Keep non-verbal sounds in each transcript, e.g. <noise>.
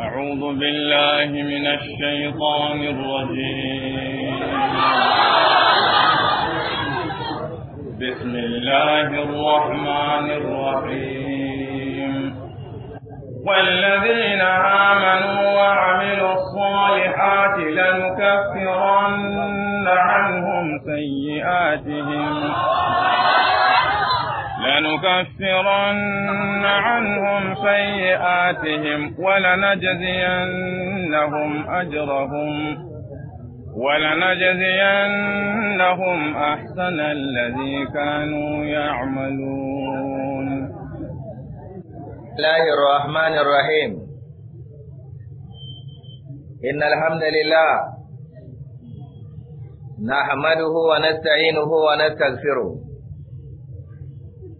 أعوذ بالله من الشيطان الرجيم بسم الله الرحمن الرحيم والذين آمنوا وعملوا الصالحات لنكفرن عنهم سيئاتهم لنكفرن عنهم سيئاتهم ولنجزينهم أجرهم ولنجزينهم أحسن الذي كانوا يعملون الله الرحمن الرحيم إن الحمد لله نحمده ونستعينه ونستغفره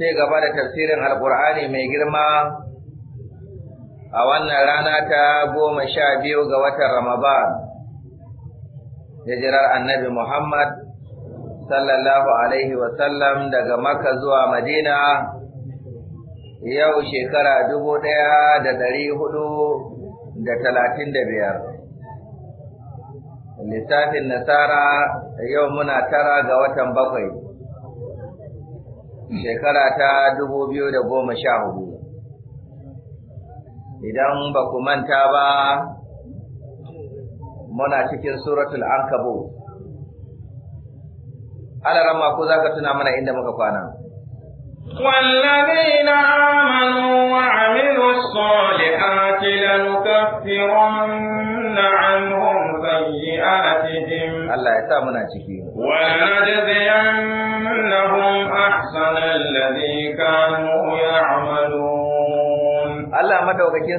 sai gaba da tafsirin alkur'ani mai girma a wannan rana ta goma sha biyu ga watan ramadan hijirar annabi muhammad sallallahu alaihi wasallam daga makka zuwa madina yau shekara dubu ɗaya da ɗari hudu da talatin da biyar lissafin nasara yau muna tara ga watan bakwai shekara ta dubu biyu da goma sha hudu. Idan ba ku manta ba, muna cikin suratul ankabu. Ana rama ko za ka tuna mana inda muka kwana. والذين آمنوا وعملوا الصالحات لنكفرن عنهم سيئاتهم الله يسامنا ciki Wa na tafiya na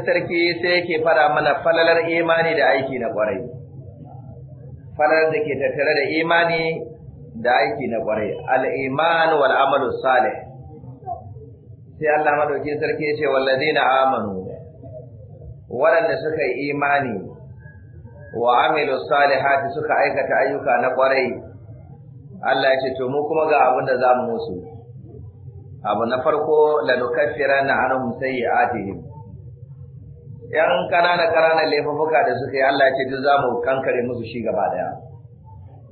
Sarki sai ke faɗa mana falalar imani da aiki na ƙwarai, falar da ke tattare da imani da aiki na ƙwarai. Al'iman wal'amalu Saleh sai Allah maɗa Sarki sai wallan zai Amanu. Waɗanda suka yi imani wa Amadu Saleh suka aikata ayyuka na ƙwarai. Allah ya ce to mu kuma ga abin da zamu musu abu na farko la na anhum sayyi'atihim yan kanana kanana laifuka da suka yi Allah ya ce duk zamu kankare musu shi gaba daya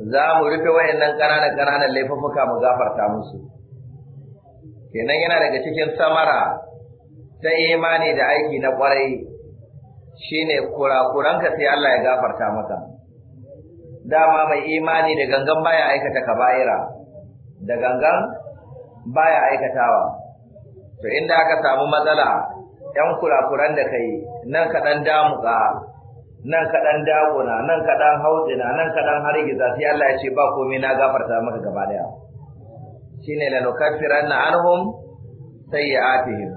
zamu rufe wayannan kanana kanana laifuka mu gafarta musu kenan yana daga cikin samara ta imani da aiki na kwarai shine kurakuranka sai Allah ya gafarta maka dama mai imani da gangan baya aikata kaba'ira da gangan baya aikatawa to inda aka samu matsala ɗan kurakuran da kai nan ka ɗan damuka nan ka ɗan dagona nan ka ɗan hautsina nan ka ɗan hargiza sai Allah ya ce ba komai na gafarta maka gaba daya shine la nukaffiranna anhum sayyi'atihim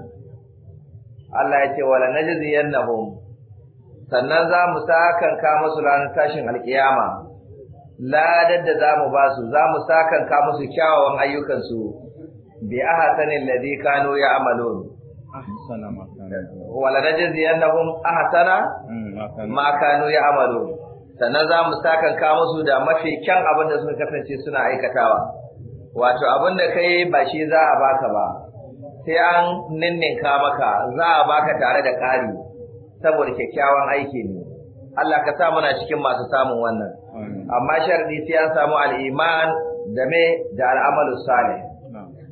Allah ya ce wala najziyannahum sannan za mu sakanka musu ranar tashin alkiyama ladar da za mu ba su za sa sakanka musu kyawawan ayyukansu, bi ahsanil ladhi kanu ya'malun ahsana ma kanu wala a hasana ma ya amalo. sannan za zamu sakanka musu da mafi kyan abin da suka kasance suna aikatawa wato abin da kai ba shi za a baka ba sai an ninninka maka za a baka tare da ƙari saboda kyakkyawan aiki ne Allah ka sa muna cikin masu samun wannan amma sharadi sai an samu al-iman da me da al-amalu salih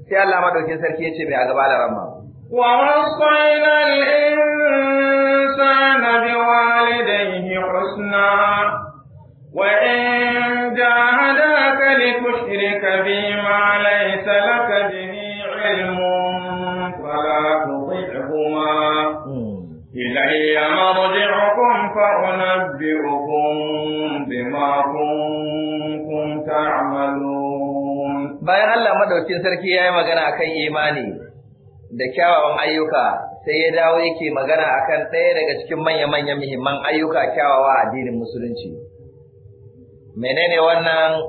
sai Allah madaukin sarki yace mai a gaba da ramma wa wasayna al-insana walidayhi husna wa in jahadaka bi bima laysa laka bihi ilmun fala tuti'huma bayan Allah madaukin sarki ya yi magana akan imani da kyawawan ayyuka sai ya dawo yake magana akan ɗaya daga cikin manya-manyan muhimman ayyuka kyawawa a addinin musulunci menene wannan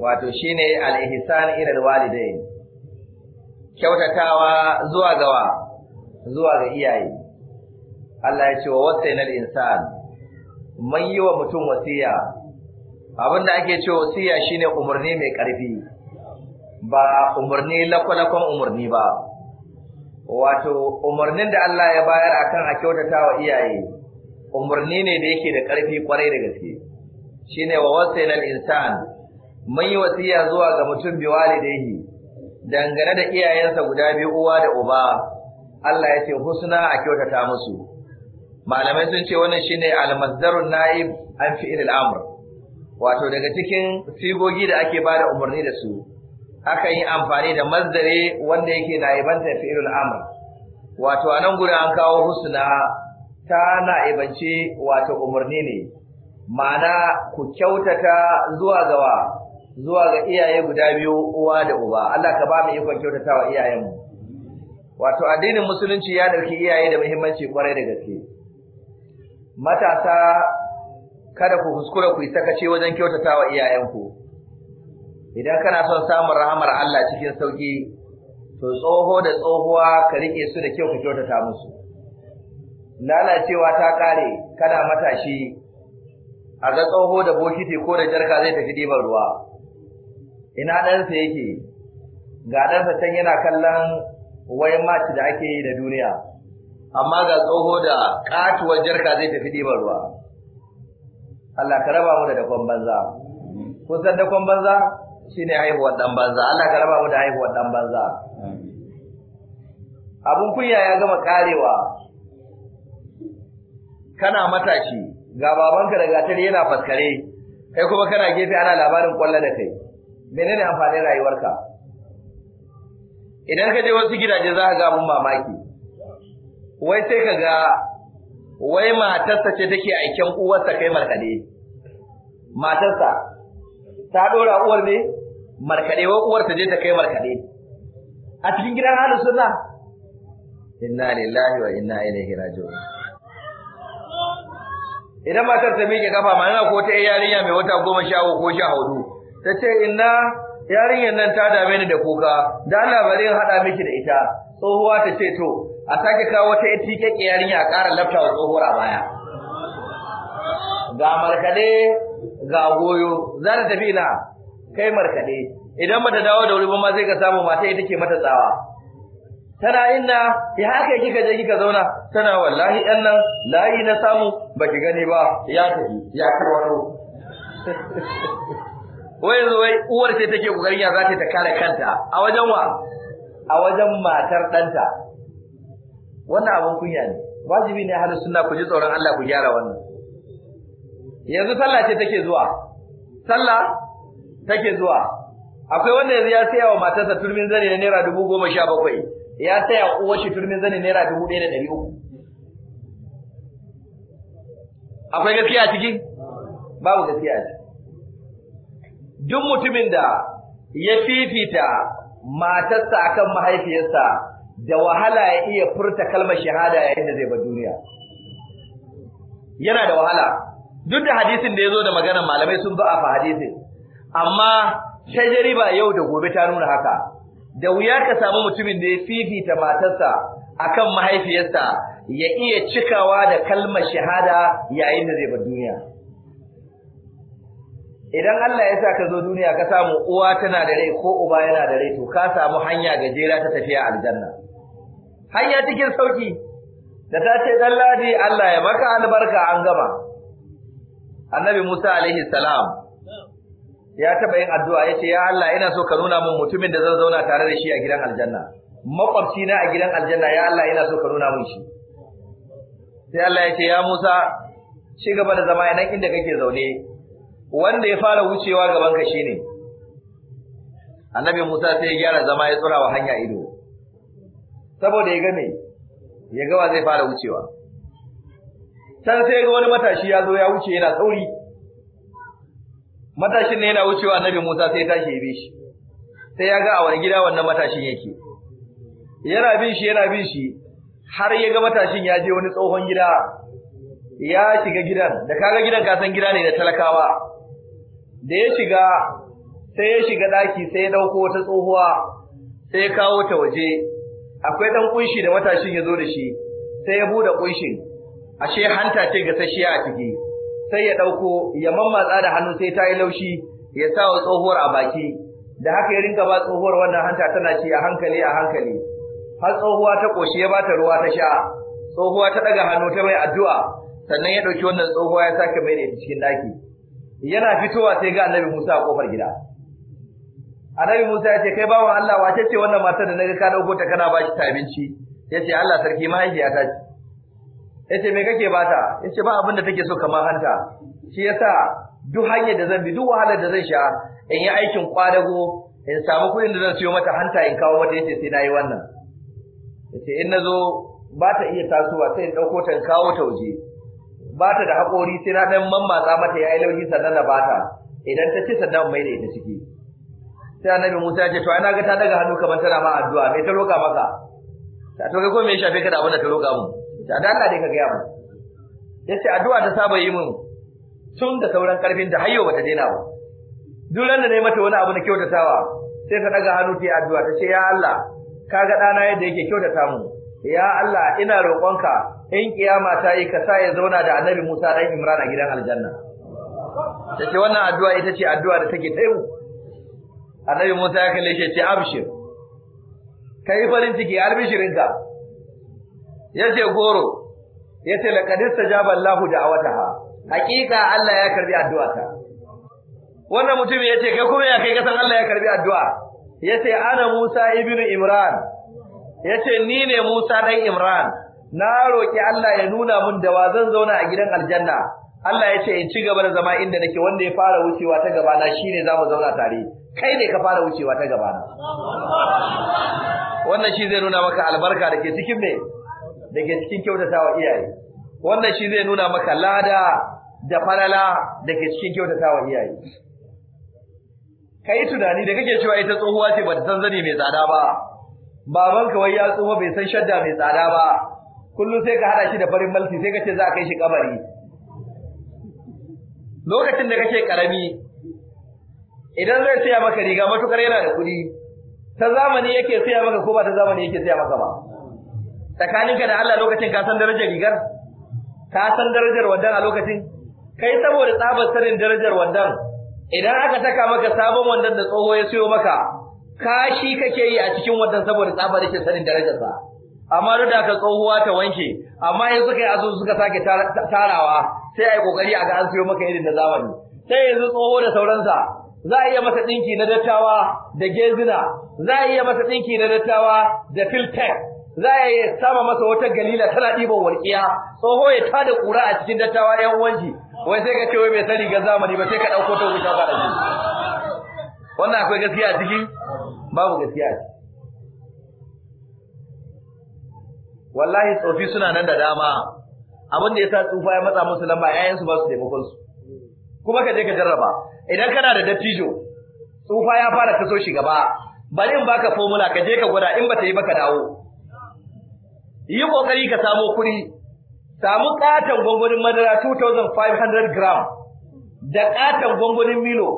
wato shine al-ihsan irin walidai? kyautatawa zuwa gawa zuwa ga iyaye Allah ya ce wa wasainal insan man yi wa mutum wasiya abinda ake ce wasiya shine umarni mai karfi ba umarni lakwalakon umarni ba wato umarnin da Allah ya bayar akan a kyautata wa iyaye umarni ne da yake da ƙarfi kwarai da gaske shine wa wasainal insan man yi wasiya zuwa ga mutum biwalidayhi dangane da iyayensa guda biyu uwa da uba Allah ya ce husna a kyautata musu malamai sun ce wannan shine al mazdarun naib an fi'il al-amr wato daga cikin sigogi da ake bada umarni da su akan yi amfani da mazdare wanda yake ta fi'il al-amr wato anan gurin an kawo husna ta naibance wato umarni ne ma'ana ku kyautata zuwa gawa zuwa ga iyaye guda biyu uwa da uba Allah ka ba mu ikon kyautatawa iyayenmu wato addinin musulunci ya dauki iyaye da muhimmanci kwarai da gaske matasa kada ku kuskura ku yi sakace wajen kyautata wa iyayenku idan kana son samun rahamar Allah cikin sauki to tsoho da tsohuwa ka rike su da kyau ka kyautata musu lalacewa ta kare kada matashi a ga tsoho da bokiti ko da jarka zai tafi ɗiban ruwa ina ɗansa yake ga ɗansa can yana kallon wai mat da ake yi da duniya amma ga tsoho da katuwar jarka zai tafi ɗiban ruwa Allah ka raba mu da dakon banza kun san dakon banza Shi ne haihuwar ɗan banza Allah ka raba mu da haihuwar ɗan banza abun kunya ya gama karewa kana matashi ga babanka da gatar yana faskare kai kuma kana gefe ana labarin kwallo da kai menene amfanin rayuwarka idan ka je wasu gidaje za ka ga mun mamaki wai sai ka ga wai matarsa ce take aiken uwarsa kai markade matarsa ta dora uwar ne markade wai uwar ta je ta kai markade a cikin gidan halin sunna inna lillahi wa inna ilaihi raji'un idan matar ta miƙe kafa ma yana ko ta yarinya mai wata goma sha uku ko sha hudu ta ce inna yarinyar nan ta dame ni da kuka da Allah bari in haɗa miki da ita tsohuwa ta ce to a sake kawo wata ita yarinya a ƙara lafta wa tsohuwar a baya ga markaɗe ga goyo za ta tafi na kai markaɗe idan ba ta dawo da wuri ba ma zai ka samu mata ita ke mata tsawa tana inna ya haka kika je kika zauna tana wallahi ɗan nan layi na samu ba ki gani ba ya tafi ya karwaro <laughs> wai yanzu wai uwar ce take kokarin ya za ta kare kanta a wajen wa a wajen matar ɗanta wannan abin kunya ne wajibi ne ahlus sunna ku ji tsoron Allah ku gyara wannan yanzu sallah ce take zuwa sallah take zuwa akwai wanda yanzu ya saya wa matarsa turmin zani na naira dubu goma sha bakwai ya saya uwar shi turmin zani naira dubu ɗaya da ɗari uku akwai gaskiya a ciki babu gaskiya a ciki duk mutumin da ya fifita matarsa akan mahaifiyarsa da wahala ya iya furta kalmar shahada yayin da zai bar duniya yana da wahala duk da hadisin da ya zo da magana malamai sun fa hadisin amma jariba yau da gobe ta nuna haka da wuya ka samu mutumin da ya fifita matarsa akan mahaifiyarsa ya iya cikawa da kalmar shahada yayin da zai bar duniya idan Allah ya sa ka zo duniya ka samu uwa tana da rai ko uba yana da rai to ka samu hanya gajera ta tafiya aljanna hanya cikin sauki da ta ce dan ladi Allah ya maka albarka an gama annabi Musa alaihi salam ya taba yin addu'a ya ce, ya Allah ina so ka nuna min mutumin da zan zauna tare da shi a gidan aljanna makwabci na a gidan aljanna ya Allah ina so ka nuna min shi sai Allah ya ce ya Musa ci gaba da zama nan inda kake zaune wanda ya fara wucewa gaban ka shine annabi Musa sai ya gyara zama ya tsura wa hanya ido saboda ya gane, ya ga wa zai fara wucewa san sai ga wani matashi ya zo ya wuce yana tsauri. matashin ne yana wucewa annabi Musa sai ya tashi ya bi shi sai ya ga a wani gida wannan matashin yake yana bin shi yana bin shi har ya ga matashin ya je wani tsohon gida ya shiga gidan da kaga gidan ka san gida ne da talakawa da ya shiga sai ya shiga ɗaki sai ya dauko wata tsohuwa sai ya kawo ta waje akwai ɗan kunshi da matashin ya zo da shi sai ya bude kunshin ashe hanta ce gasasshiya a ciki sai ya ɗauko ya mammatsa da hannu sai ta yi laushi ya sa wa tsohuwar a baki da haka ya ringa ba tsohuwar wannan hanta tana ci a hankali a hankali har tsohuwa ta ƙoshi ya bata ruwa ta sha tsohuwa ta ɗaga hannu ta mai addu'a sannan ya ɗauki wannan tsohuwa ya sake mai da cikin daki yana fitowa sai ga annabi Musa a kofar gida annabi Musa ya ce kai bawan Allah wace ce wannan matar da naga ka dauko ta kana ba shi ta abinci yace Allah sarki mahaifiyata ce yace me kake bata yace ba abin da take so kamar hanta shi yasa duk hanyar da zan bi duk wahalar da zan sha in yi aikin kwadago in samu kuɗin da zan siyo mata hanta in kawo mata yace sai nayi wannan yace in nazo ba ta iya tasowa sai in dauko ta in kawo ta waje ba ta da haƙori sai na ɗan mammatsa mata ya laushi sannan na ba ta idan ta ci sannan mai da ita ciki sai annabi Musa ya ce to ai na ga ta daga hannu kamar tana ma addu'a mai ta roƙa maka ta to kai ko me ya shafe ka da abin da ta roƙa mu ta da Allah dai ka gaya mu yace addu'a ta saba yi mun tun da sauran karfin da hayyo bata daina ba duk ran da nayi mata wani abu na kyautatawa sai ta daga hannu ta yi addu'a ta ce ya Allah kaga dana yadda yake kyautata mu ya Allah ina roƙonka in kiyama ta yi ka sa ya zauna da annabi Musa dan Imran a gidan aljanna ce wannan addu'a ita ce addu'a da take tsayo annabi Musa ya kalle shi ya ce abshir kai farin ciki albishirinka yace goro yace laqad istajaba Allahu da'awataha hakika Allah ya karbi addu'ata wannan mutum yace kai kuma ya kai kasan Allah ya karbi addu'a yace ana Musa ibnu Imran yace ni ne Musa dan Imran na roki Allah ya nuna mun da wa zan zauna a gidan aljanna Allah ya ce in ci gaba da zama inda nake wanda ya fara wucewa ta gaba na shine zamu zauna tare kai ne ka fara wucewa ta gaba na wannan shi zai nuna maka albarka dake cikin me dake cikin kyautatawa iyaye wannan shi zai nuna maka lada da falala dake cikin kyautatawa iyaye kai tunani da kake cewa ita tsohuwa ce ba ta san zane mai tsada ba babanka wai ya tsoho bai san shadda mai tsada ba kullum sai ka hada shi da farin malti sai ka ce za a kai shi kabari lokacin da kake karami idan zai saya maka riga matukar yana da kuɗi ta zamani yake saya maka ko ba ta zamani yake saya maka ba tsakaninka da Allah lokacin ka san darajar rigar ka san darajar wandan a lokacin kai saboda tsabar sanin darajar wandan idan aka saka maka sabon wandan da tsoho ya siyo maka kashi kake yi a cikin wandan saboda tsabar yake sanin darajar sa amma duk da aka tsohuwa ta wanke amma yanzu kai azu suka sake tarawa sai ai kokari a ga an siyo maka irin na zamani sai yanzu tsoho da sauransa za a iya masa dinki na dattawa da gezina za a iya masa dinki na dattawa da filter za a iya sama masa wata galila tana ɗiban warkiya, tsoho ya tada ƙura a cikin dattawa yan wanji wai sai ka ce wai bai sani rigar zamani ba sai ka ɗauko ta wuta da shi wannan akwai gaskiya a babu gaskiya a wallahi tsofi suna nan da dama abin da ya sa tsufa ya matsa musu lamba yayan su ba su taimakon su kuma ka je ka jarraba idan kana da dattijo tsufa ya fara taso shi gaba bari in baka formula ka je ka gwada in bata yi baka dawo yi kokari ka samo kuri samu katon gwangwanin madara 2500 gram da katon gwangwanin milo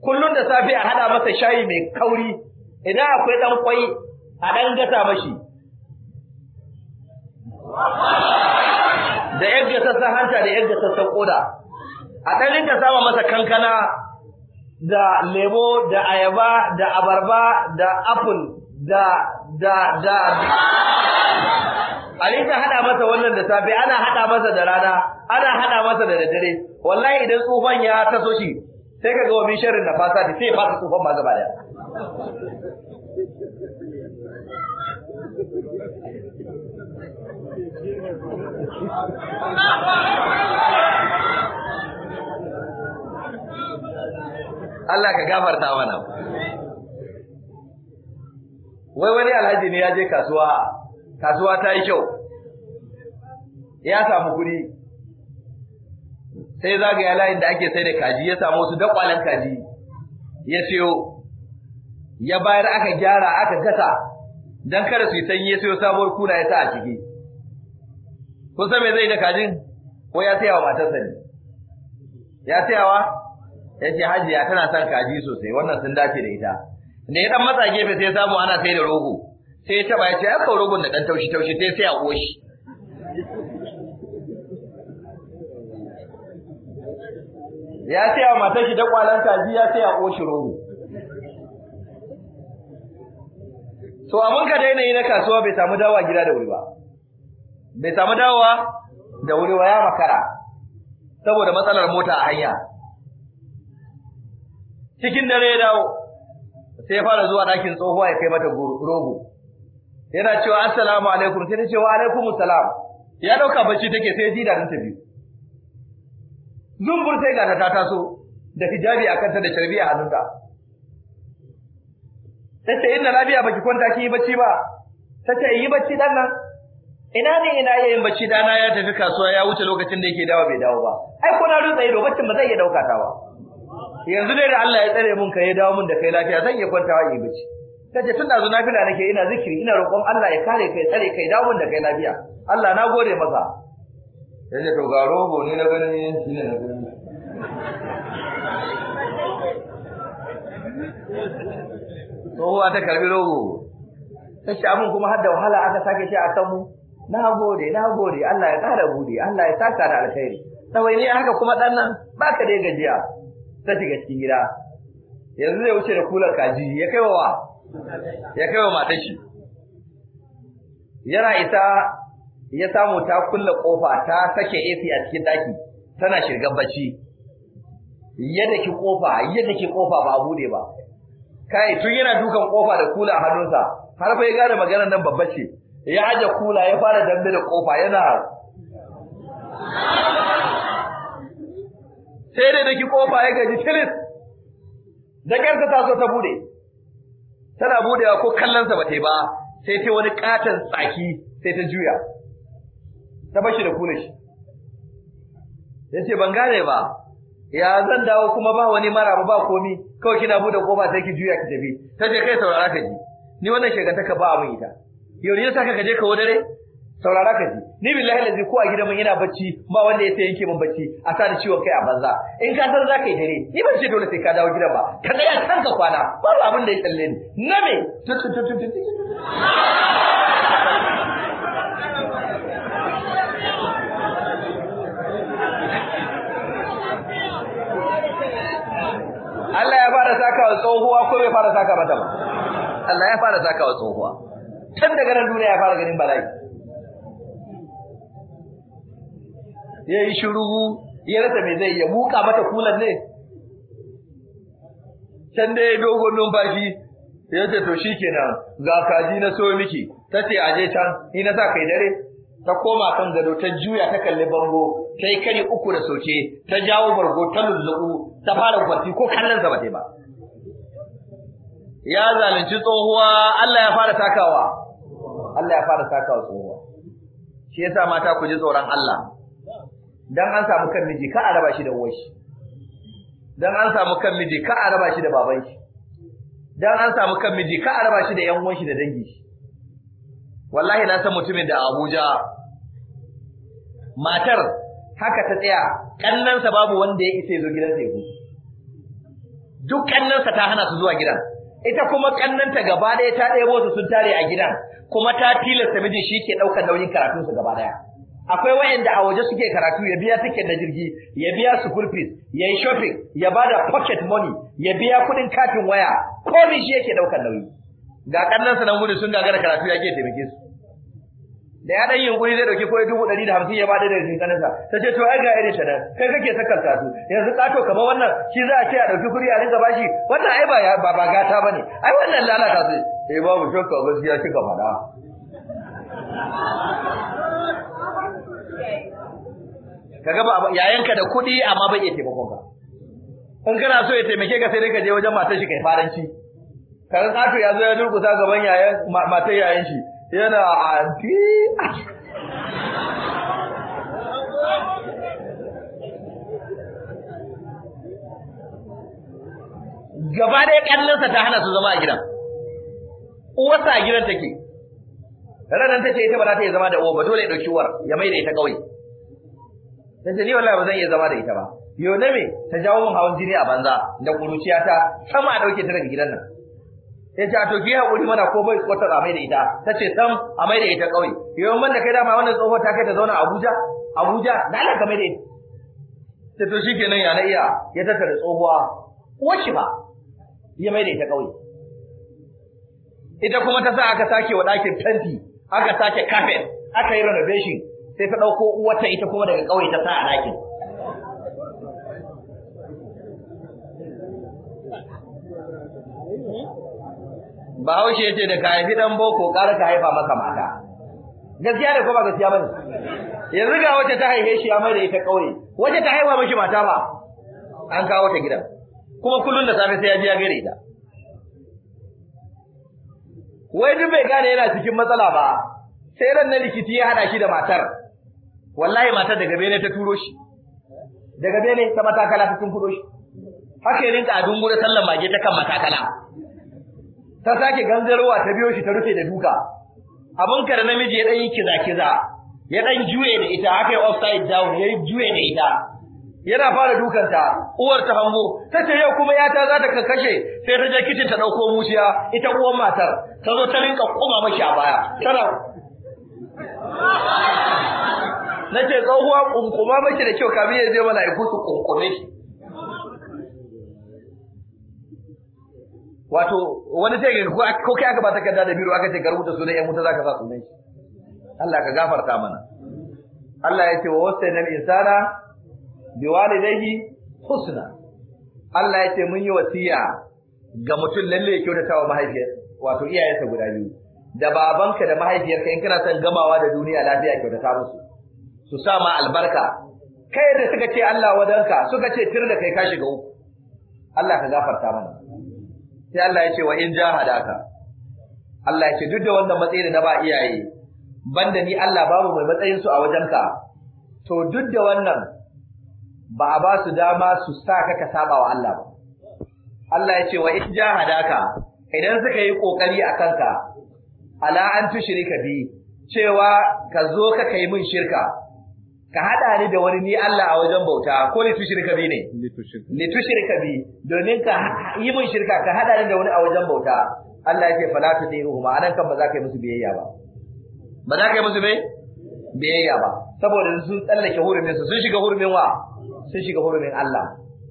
kullun da safe a hada masa shayi mai kauri idan akwai dan kwai a dan gasa mashi da yadda ta san hanta da yadda ta san koda a ɗan sama masa kankana da lemo da ayaba da abarba da apple da da da a haɗa masa wannan da safe ana hada masa da rana ana haɗa masa da dare-dare, wallahi idan tsufan ya taso shi sai ka ga wa sharrin da fasa sai fasa tsufan ma gaba daya Allah ka gafarta mana wai wani alhaji ne ya je kasuwa kasuwa ta yi kyau ya samu kuɗi sai zagaya layin da ake sai da kaji ya samu su dakwalen kaji ya siyo ya bayar aka gyara aka gasa don kada su yi sanyi ya siyo sabuwar kuna ya sa a ciki Kun san me zai da kajin? Ko ya saya wa matarsa ne? Ya wa? Ya ce hajiya tana son kaji sosai wannan sun dace da ita. Da ya dan matsa gefe sai ya samu ana sai da rogo. Sai ya taba ya ce ya kawo rogon da dan taushi taushi sai sai a ƙoshi. Ya saya wa matar shi da kwalan kaji ya saya a koshi rogo. To abin ka daina yi na kasuwa bai samu dawa gida da wuri ba. bai samu dawowa da wuri wa ya makara saboda matsalar mota a hanya cikin dare ya dawo sai ya fara zuwa ɗakin tsohuwa ya kai mata rogo yana cewa assalamu alaikum sai ta ce wa alaikum salam ya dauka bacci take sai ji dadin ta biyu zumbur sai ga ta taso da hijabi a kanta da sharbi a hannunta tace inna lafiya baki kwanta ki yi bacci ba tace yi bacci dan nan ina ne ina iya yin bacci dana ya tafi kasuwa ya wuce lokacin da yake dawo bai dawo ba ai ko na rutsa ido baccin ba zai iya dauka ta ba yanzu dai da Allah ya tsare mun kai dawo mun da kai lafiya zan iya kwantawa yi bacci kace tun dazu nafila nake ina zikiri ina roƙon Allah ya kare kai tsare kai dawo mun da kai lafiya Allah na gode masa yace to ga rogo ne na gani ne na gani Tsohuwa ta karbi rogo, ta ce mun kuma har da wahala aka sake shi a kanmu, na gode na gode Allah ya ƙara buɗe, Allah ya saka da alkhairi ne haka kuma dan nan baka da gajiya ta shiga cikin gida yanzu zai wuce da kular kaji ya kai wa ya kai wa matar shi yana isa ya samu ta kulle kofa ta sake AC a cikin daki tana shirgan bacci yadda ki kofa yadda ki kofa ba a bude ba kai tun yana dukan kofa da kula a hannunsa har fa ya gane maganar nan babba ce ya aje kula ya fara dambe da kofa yana sai da daki kofa ya gaji tilis da karka ta zo ta bude tana budewa ko kallon sa bata ba sai ta wani katon tsaki sai ta juya ta bashi da kula shi ce ban gane ba ya zan dawo kuma ba wani mara ba komi kawai kina bude kofa sai ki juya ki tafi Ta je kai saurara ka ji ni wannan ta ka ba mu ita yau ne saka ka je ka wadare saurara ka ji ni billahi lazi ko a gidan mun ina bacci ba wanda ya yanke mun bacci a sa da ciwon kai a banza in ka san zaka yi dare ni ban ce dole sai ka dawo gidan ba ka tsaya kan ka kwana ba abin da ya tsalle ni na me Allah ya fara saka wa tsohuwa ko bai fara saka mata ba Allah ya fara saka wa tsohuwa tun daga nan duniya ya fara ganin bala'i ya yi shiru ya rasa mai zai ya buka mata kulan ne can da ya dogon numfashi ya ce to shi kenan ga kaji na so miki ta ce aje can ni na sa kai dare ta koma kan gado ta juya ta kalli bango ta yi kari uku da soke ta jawo bargo ta lulluɓu ta fara kwanti ko kallon sa ba ba ya zalunci tsohuwa Allah ya fara takawa Allah ya fara saka wa tsohuwa shi yasa mata ku ji tsoron Allah dan an samu kan miji ka a raba shi da uwar shi dan an samu kan miji ka a raba shi da baban shi dan an samu kan miji ka a raba shi da yan uwan shi da dangi shi wallahi na san mutumin da Abuja matar haka ta tsaya kannansa babu wanda ya isa ya zo gidansa ya huta duk kannansa ta hana su zuwa gidan ita kuma kannanta gaba daya ta ɗebo su sun tare a gidan kuma ta tilasta mijin shi ke ɗaukar nauyin karatun su gaba daya akwai wayanda a waje suke karatu ya biya tiket na jirgi ya biya school fees ya yi shopping ya bada pocket money ya biya kuɗin kafin waya komai shi yake ɗaukar nauyi ga kannansa nan gudu sun gagara karatu ya ke taimake su da ya dan yunkuri zai dauki koyi dubu ɗari da hamsin ya bada da kankanansa ta ce to ai ga irin ta nan kai kake sakalta su yanzu kato kamar wannan shi za a ce a dauki kuri a rinka bashi wannan ai ba ba ba gata bane ai wannan lalata su eh babu shakka gaskiya kika faɗa kaga ba yayanka da kuɗi amma bai iya taimakon ka in kana so ya taimake ka sai dai ka je wajen matar shi kai faranci Karin kato ya zo ya durkusa gaban yayan matar yayan shi yana anti gaba ɗaya ƙannansa ta hana su zama a gidan uwarsa a gidan take ranar ta ce ita ba za ta iya zama da uwa ba dole ya ɗauki uwar ya mai da ita kawai. ta ce ni wallahi ba zan iya zama da ita ba yau na me ta jawo min hawan jini a banza da ta sama a ɗauke ta daga gidan nan ya ce a to ki haƙuri mana ko bai kwatar a mai da ita ta ce sam a mai da ita ƙauye yau man da kai dama wannan tsoho ta kai ta zauna Abuja Abuja na laka mai da ita ta to shi kenan ya na iya ya da tsohuwa ko shi ba ya mai da ita ƙauye ita kuma ta sa aka sake wa ɗakin tanti aka sake kafet aka yi renovation sai ta ɗauko uwarta ita kuma daga ƙauye ta sa a ɗakin Bahaushe ya ce da ka haifi ɗan boko ƙara ka haifa maka mata. Gaskiya ne ko ba gaskiya ba ne? Yanzu ga wacce ta haife shi amma da ita ƙauye, wacce ta haifa mishi mata ba, an kawo ta gidan. Kuma kullum da safe sai ya je ya gare ta. Wai duk bai gane yana cikin matsala ba, sai ran na likiti ya hada shi da matar. Wallahi matar daga bene ta turo shi. Daga bene ta matakala ta tun shi. Haka ya rinka a dungure sallan mage ta kan matakala. ta sake ganzarwa ta biyo shi ta rufe da duka abin kare namiji ya dan yi kiza kiza ya dan juye da ita haka ya offside down ya juye da ita yana fara dukanta uwar ta hango ce yau kuma ya ta za ta kakkashe sai ta je kitchen ta dauko muciya ita uwar matar ta zo ta rinka kuma mashi a baya tana <laughs> nace tsohuwa kunkuma maki da kyau kamin ya je mana su kunkume shi wato wani sai ga ko kai aka ba takarda da biro aka ce ka rubuta sunan yan wuta zaka sa sunan shi Allah ka gafarta mana Allah ya ce wa wasaina al-insana biwalidayhi husna Allah ya ce mun yi wasiya ga mutum lalle ya kyautata wa mahaifiyar wato iyayensa guda biyu da babanka da mahaifiyarka in kana son gamawa da duniya lafiya kyautata musu su sa ma albarka kai da suka ce Allah wadanka suka ce tir da kai ka shiga uku Allah ka gafarta mana sai Allah ya ce wa in jahadaka Allah ya ce duk da wanda matsayin da na ba iyaye banda ni Allah babu mai matsayin su a wajenka to duk da wannan ba a ba su dama su sa ka ka saba wa Allah ba Allah ya ce wa in jahadaka idan suka yi kokari a kanka ala an tushrika bi cewa ka zo ka kai mun shirka ka hada ni da wani ni Allah a wajen bauta ko litushrika bi ne litushrika bi domin ka yi mun shirka ka hada ni da wani a wajen bauta Allah yake fala ta dai ruhuma anan kan ba za ka yi musu biyayya ba ba za ka yi musu biyayya ba saboda sun tsallake hurumin su sun shiga hurumin wa sun shiga hurumin Allah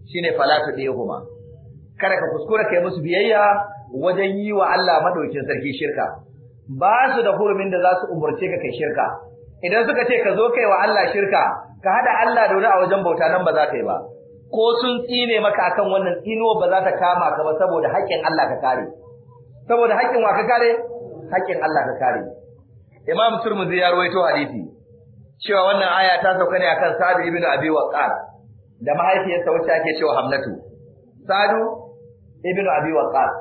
shine fala ta dai ruhuma kada ka kuskura kai musu biyayya wajen yi wa Allah madaukin sarki shirka ba su da hurumin da za su umurce ka kai shirka idan suka ce ka zo kai wa Allah shirka ka hada Allah da wani a wajen bauta nan ba za ka yi ba ko sun tsine maka akan wannan tsino ba za ta kama ka ba saboda haƙƙin Allah ka kare saboda haƙƙin wa ka kare haƙƙin Allah ka kare Imam Turmuzi ya rawaito hadisi cewa wannan aya ta sauka ne akan Sa'd ibn Abi Waqqas da mahaifiyarsa wacce ake cewa Hamnatu Sa'd ibn Abi Waqqas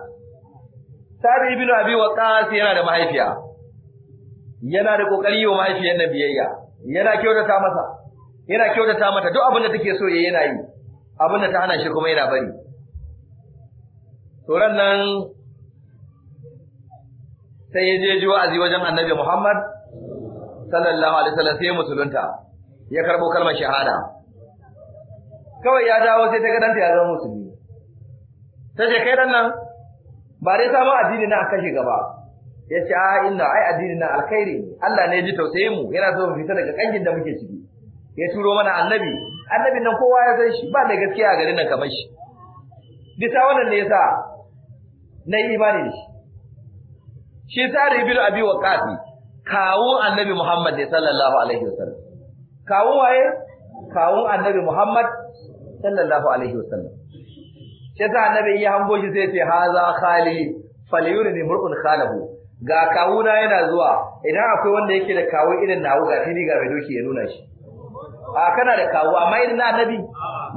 Sa'd ibn Abi Waqqas yana da mahaifiya yana da kokari wa mahaifiyar nan biyayya yana kyautata masa yana kyautata mata duk abin da take so yayi eh, yana yi abin da ta hana shi kuma yana bari Toran nan sai yaje je ji wa'azi wajen Annabi Muhammad sallallahu alaihi wasallam sai musulunta ya karbo kalmar shahada kawai ya dawo sai ta gadanta ya zama musulmi ta ce kai dan nan ba dai samu addini na aka shiga ba ya ce a inna ai addini na alkhairi Allah ne ya ji tausayin mu yana so mu fita daga kangin da muke ciki ya turo mana annabi annabin nan kowa ya san shi ba mai gaskiya a garin nan kamar shi bisa wannan ne yasa na yi imani da shi shi tare bil abi kafi. kawun annabi Muhammad ne sallallahu alaihi wasallam kawun waye kawun annabi Muhammad sallallahu alaihi wasallam sai ta annabi ya hango shi sai ya ce haza khali falyurini mur'un khalahu ga kawuna yana zuwa idan akwai wanda yake da kawo irin nawo ga fili ga mai doki ya nuna shi a kana da kawo amma irin na annabi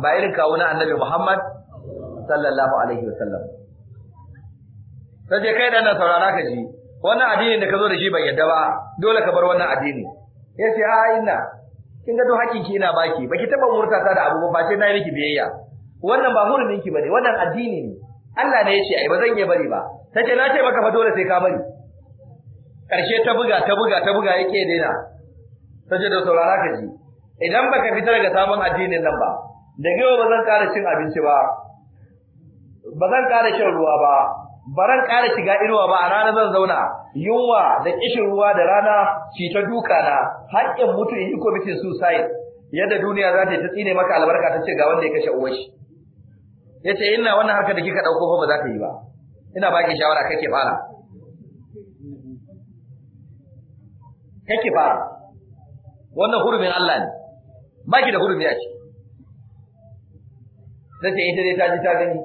ba irin kawo na annabi Muhammad sallallahu alaihi wasallam sai kai na saurara ka ji wannan addini da ka zo da shi bai yadda ba dole ka bar wannan addini yace a ina kin ga don hakkin ki ina baki baki taba murtata da abu ba sai na yi miki biyayya wannan ba murmin ki bane wannan addini ne Allah ne yace ai ba zan yi bari ba tace na ce maka fa dole sai ka bari ƙarshe ta buga ta buga ta buga yake daina saje da saurara ka ji idan baka fitar daga sabon addinin nan ba da gaba ba ƙara cin abinci ba ba ƙara shan ruwa ba baran ƙara shiga inuwa ba a rana zan zauna yunwa da kishin ruwa da rana ci ta duka na haƙƙin mutu in yi kwamitin suicide yadda duniya za ta ta tsine maka albarka ta ce ga wanda ya kashe uwar shi ya ce ina wannan harka da kika ɗauko ba za ka yi ba ina baki shawara kake fara kake ba wannan hurumin Allah ne Ba ki da hurumi a ce da ta ita dai ta ji ta gani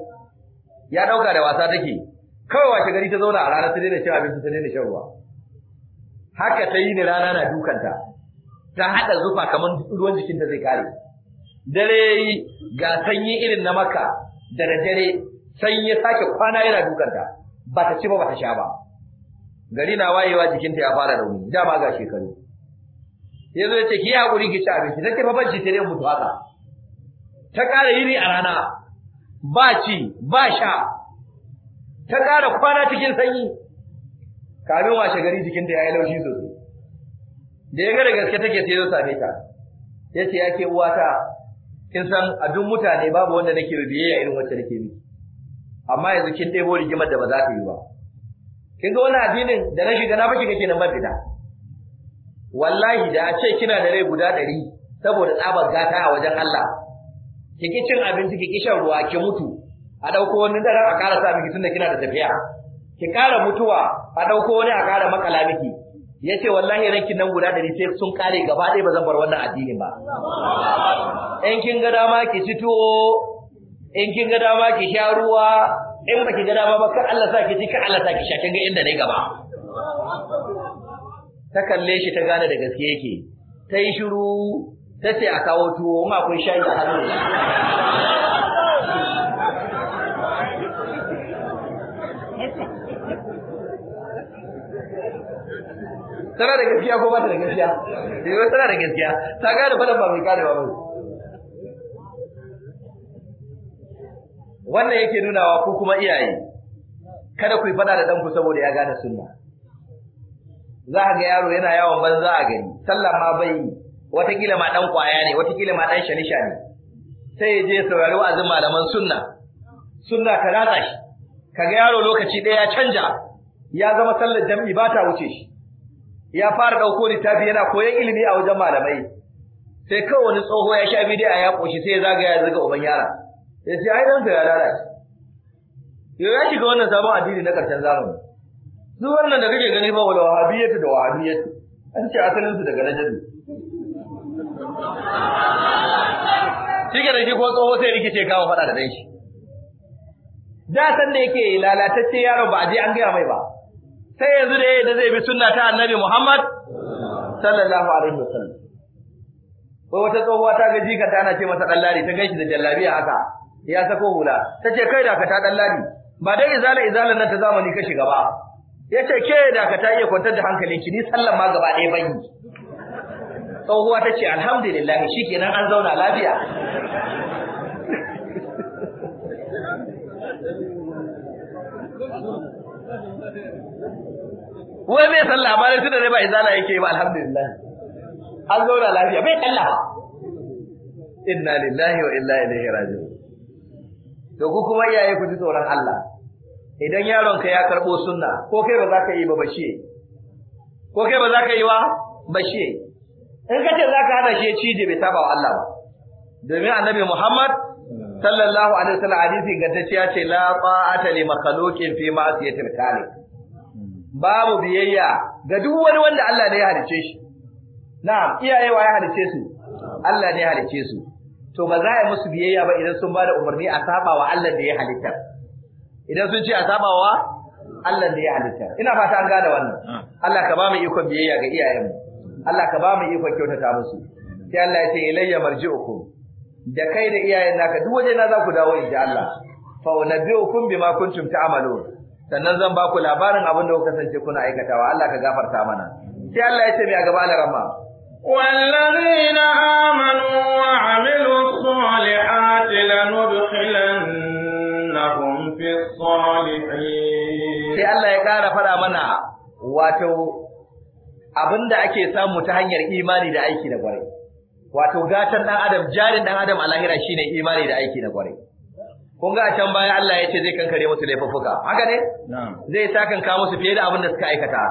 ya dauka da wasa take kawai wace gari ta zauna a ranar ta daina shan abinci ta daina shan ruwa haka ta yi ni rana na dukanta ta haɗa zufa kamar ruwan jikinta zai kare dare ga sanyi irin na maka da dare sanyi sake kwana yana dukanta ba ta ci ba ba ta sha ba gari na wayewa jikinta ya fara rauni dama ga shekaru ya zo ya ce ki yi ki ci abinci take fa ban ci ta mutu haka ta ƙara yini a rana ba ci ba sha ta ƙara kwana cikin sanyi kamin washe gari jikinta ya yi laushi sosai da ya gara gaske take sai zo same ta ya ce ya ke uwata kin san abin mutane babu wanda nake biyayya irin wacce nake miki amma yanzu kin ɗebo rigimar da ba za ta yi ba kin ga wannan addinin da na shiga na baki kake nan ba fita wallahi da a ce kina da rai guda ɗari saboda tsabar gata a wajen Allah ki cin abinci ki shan ruwa ki mutu a ɗauko wani daren a ƙara sa miki tunda kina da tafiya ki ƙara mutuwa a ɗauko wani a ƙara makala miki yace wallahi ranki nan guda ɗari sai sun kare gaba ɗaya ba zan bar wannan addinin ba in kin ga dama ki ci tuwo in kin ga dama ki sha ruwa in baki ga dama ba ka Allah sa ki ci ka Allah sa ki sha kin ga inda ne gaba ta kalle shi ta gane da gaske yake ta yi shiru ta ce a kawo tuwo ma kun shayi a hannu tana da gaskiya ko ba ta da gaskiya eh, tana da gaskiya ta gane fadan ba mai gane ba ba wannan yake nunawa ku kuma iyaye kada ku yi fada da danku saboda ya gane sunna za ka ga yaro yana yawon banza a gani, sallah ma bai watakila ma dan kwaya ne watakila ma dan shanisha ne sai ya je saurari wa'azin malaman sunna sunna ta ratsa shi kaga yaro lokaci ɗaya ya canja ya zama sallar jam'i ba ta wuce shi ya fara ɗauko littafi yana koyon ilimi a wajen malamai sai kawai wani tsoho ya sha bidiyo ya yaƙoshi, sai ya zagaya ya zaga uban yara ya ce ai ɗansa ya lalace yau ya shiga wannan sabon addini na ƙarshen zamani su wannan da kake gani ba wala wahabiyyatu da wahabiyyatu an ce asalin su daga najadu shi ke da shi ko tsoho sai rikice kawo faɗa da dan shi da san da yake lalatacce yaro ba a je an gaya mai ba sai yanzu da da zai bi sunna ta annabi Muhammad sallallahu alaihi wasallam ko wata tsohuwa ta ga jika ta ana ce masa dallari ta gaishe da jallabiya haka ya sako hula tace kai da ka ta dan ladi ba dai izala izalan nan ta zamani ka shiga ba yace ke da ka ta iya kwantar da hankalinki ni sallan ma gaba ɗaya bani yi tsohuwa ta ce alhamdulillah shikenan an zauna lafiya wai mai san dai tunda dai ba izala yake ba alhamdulillah an zauna lafiya bai kallafa inna lillahi wa inna ilaihi raji'un da ku kuma iyaye ku ji tsoron Allah idan yaron ka ya karbo sunna ko kai ba za ka yi ba bashe ko kai ba za ka yi wa bashe in ka ce za ka hada shi cije bai saba wa Allah ba domin annabi Muhammad sallallahu alaihi wasallam hadisi gaddaciya ce la ta'ata li makhluqin fi ma'siyatil khaliq babu biyayya ga duk wani wanda Allah ne ya halice shi na'am iyaye wa ya halice su Allah ne ya halice su to ba za a yi musu biyayya ba idan sun bada umarni a saba wa Allah da ya halitta idan sun ce a saba wa Allah da ya halitta ina fata an gane wannan ah. Allah ka ba mu ikon biyayya ga iyayenmu Allah ka ba mu ikon kyautata musu sai Allah ya ce ilayya marji'ukum da kai da iyayen naka duk waje na za ku dawo inji Allah fa unabbiukum bima kuntum ta'malun sannan zan ba ku labarin abin da kuka kasance kuna aikatawa Allah ka gafarta mana sai Allah ya ce mai gaba Allah rahma. والذين آمنوا وعملوا الصالحات لندخلنهم في الصالحين sai Allah ya ƙara faɗa mana wato abinda ake samu ta hanyar imani da aiki da gwarai wato gatan ɗan adam jarin ɗan adam a lahira shine imani da aiki da gwarai kun ga a can baya Allah ya ce zai kankare musu laifuffuka haka ne zai sakan ka musu fiye da abin da suka aikata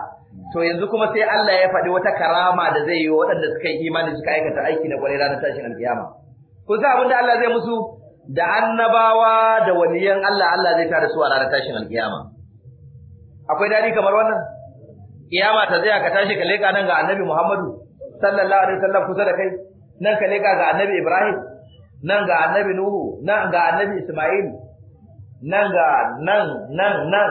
to yanzu kuma sai Allah ya faɗi wata karama da zai yi wa waɗanda suka yi imani suka aikata aiki na ƙwarai ranar tashin alƙiyama, Ku san abin da Allah zai musu da annabawa da waliyan Allah Allah zai tada su a ranar tashin alƙiyama. akwai dadi kamar wannan kiyama ta zai ka tashi ka leƙa nan ga annabi Muhammadu sallallahu alaihi wasallam kusa da kai nan ka leƙa ga annabi Ibrahim nan ga annabi Nuhu nan ga annabi Isma'il nan ga nan nan nan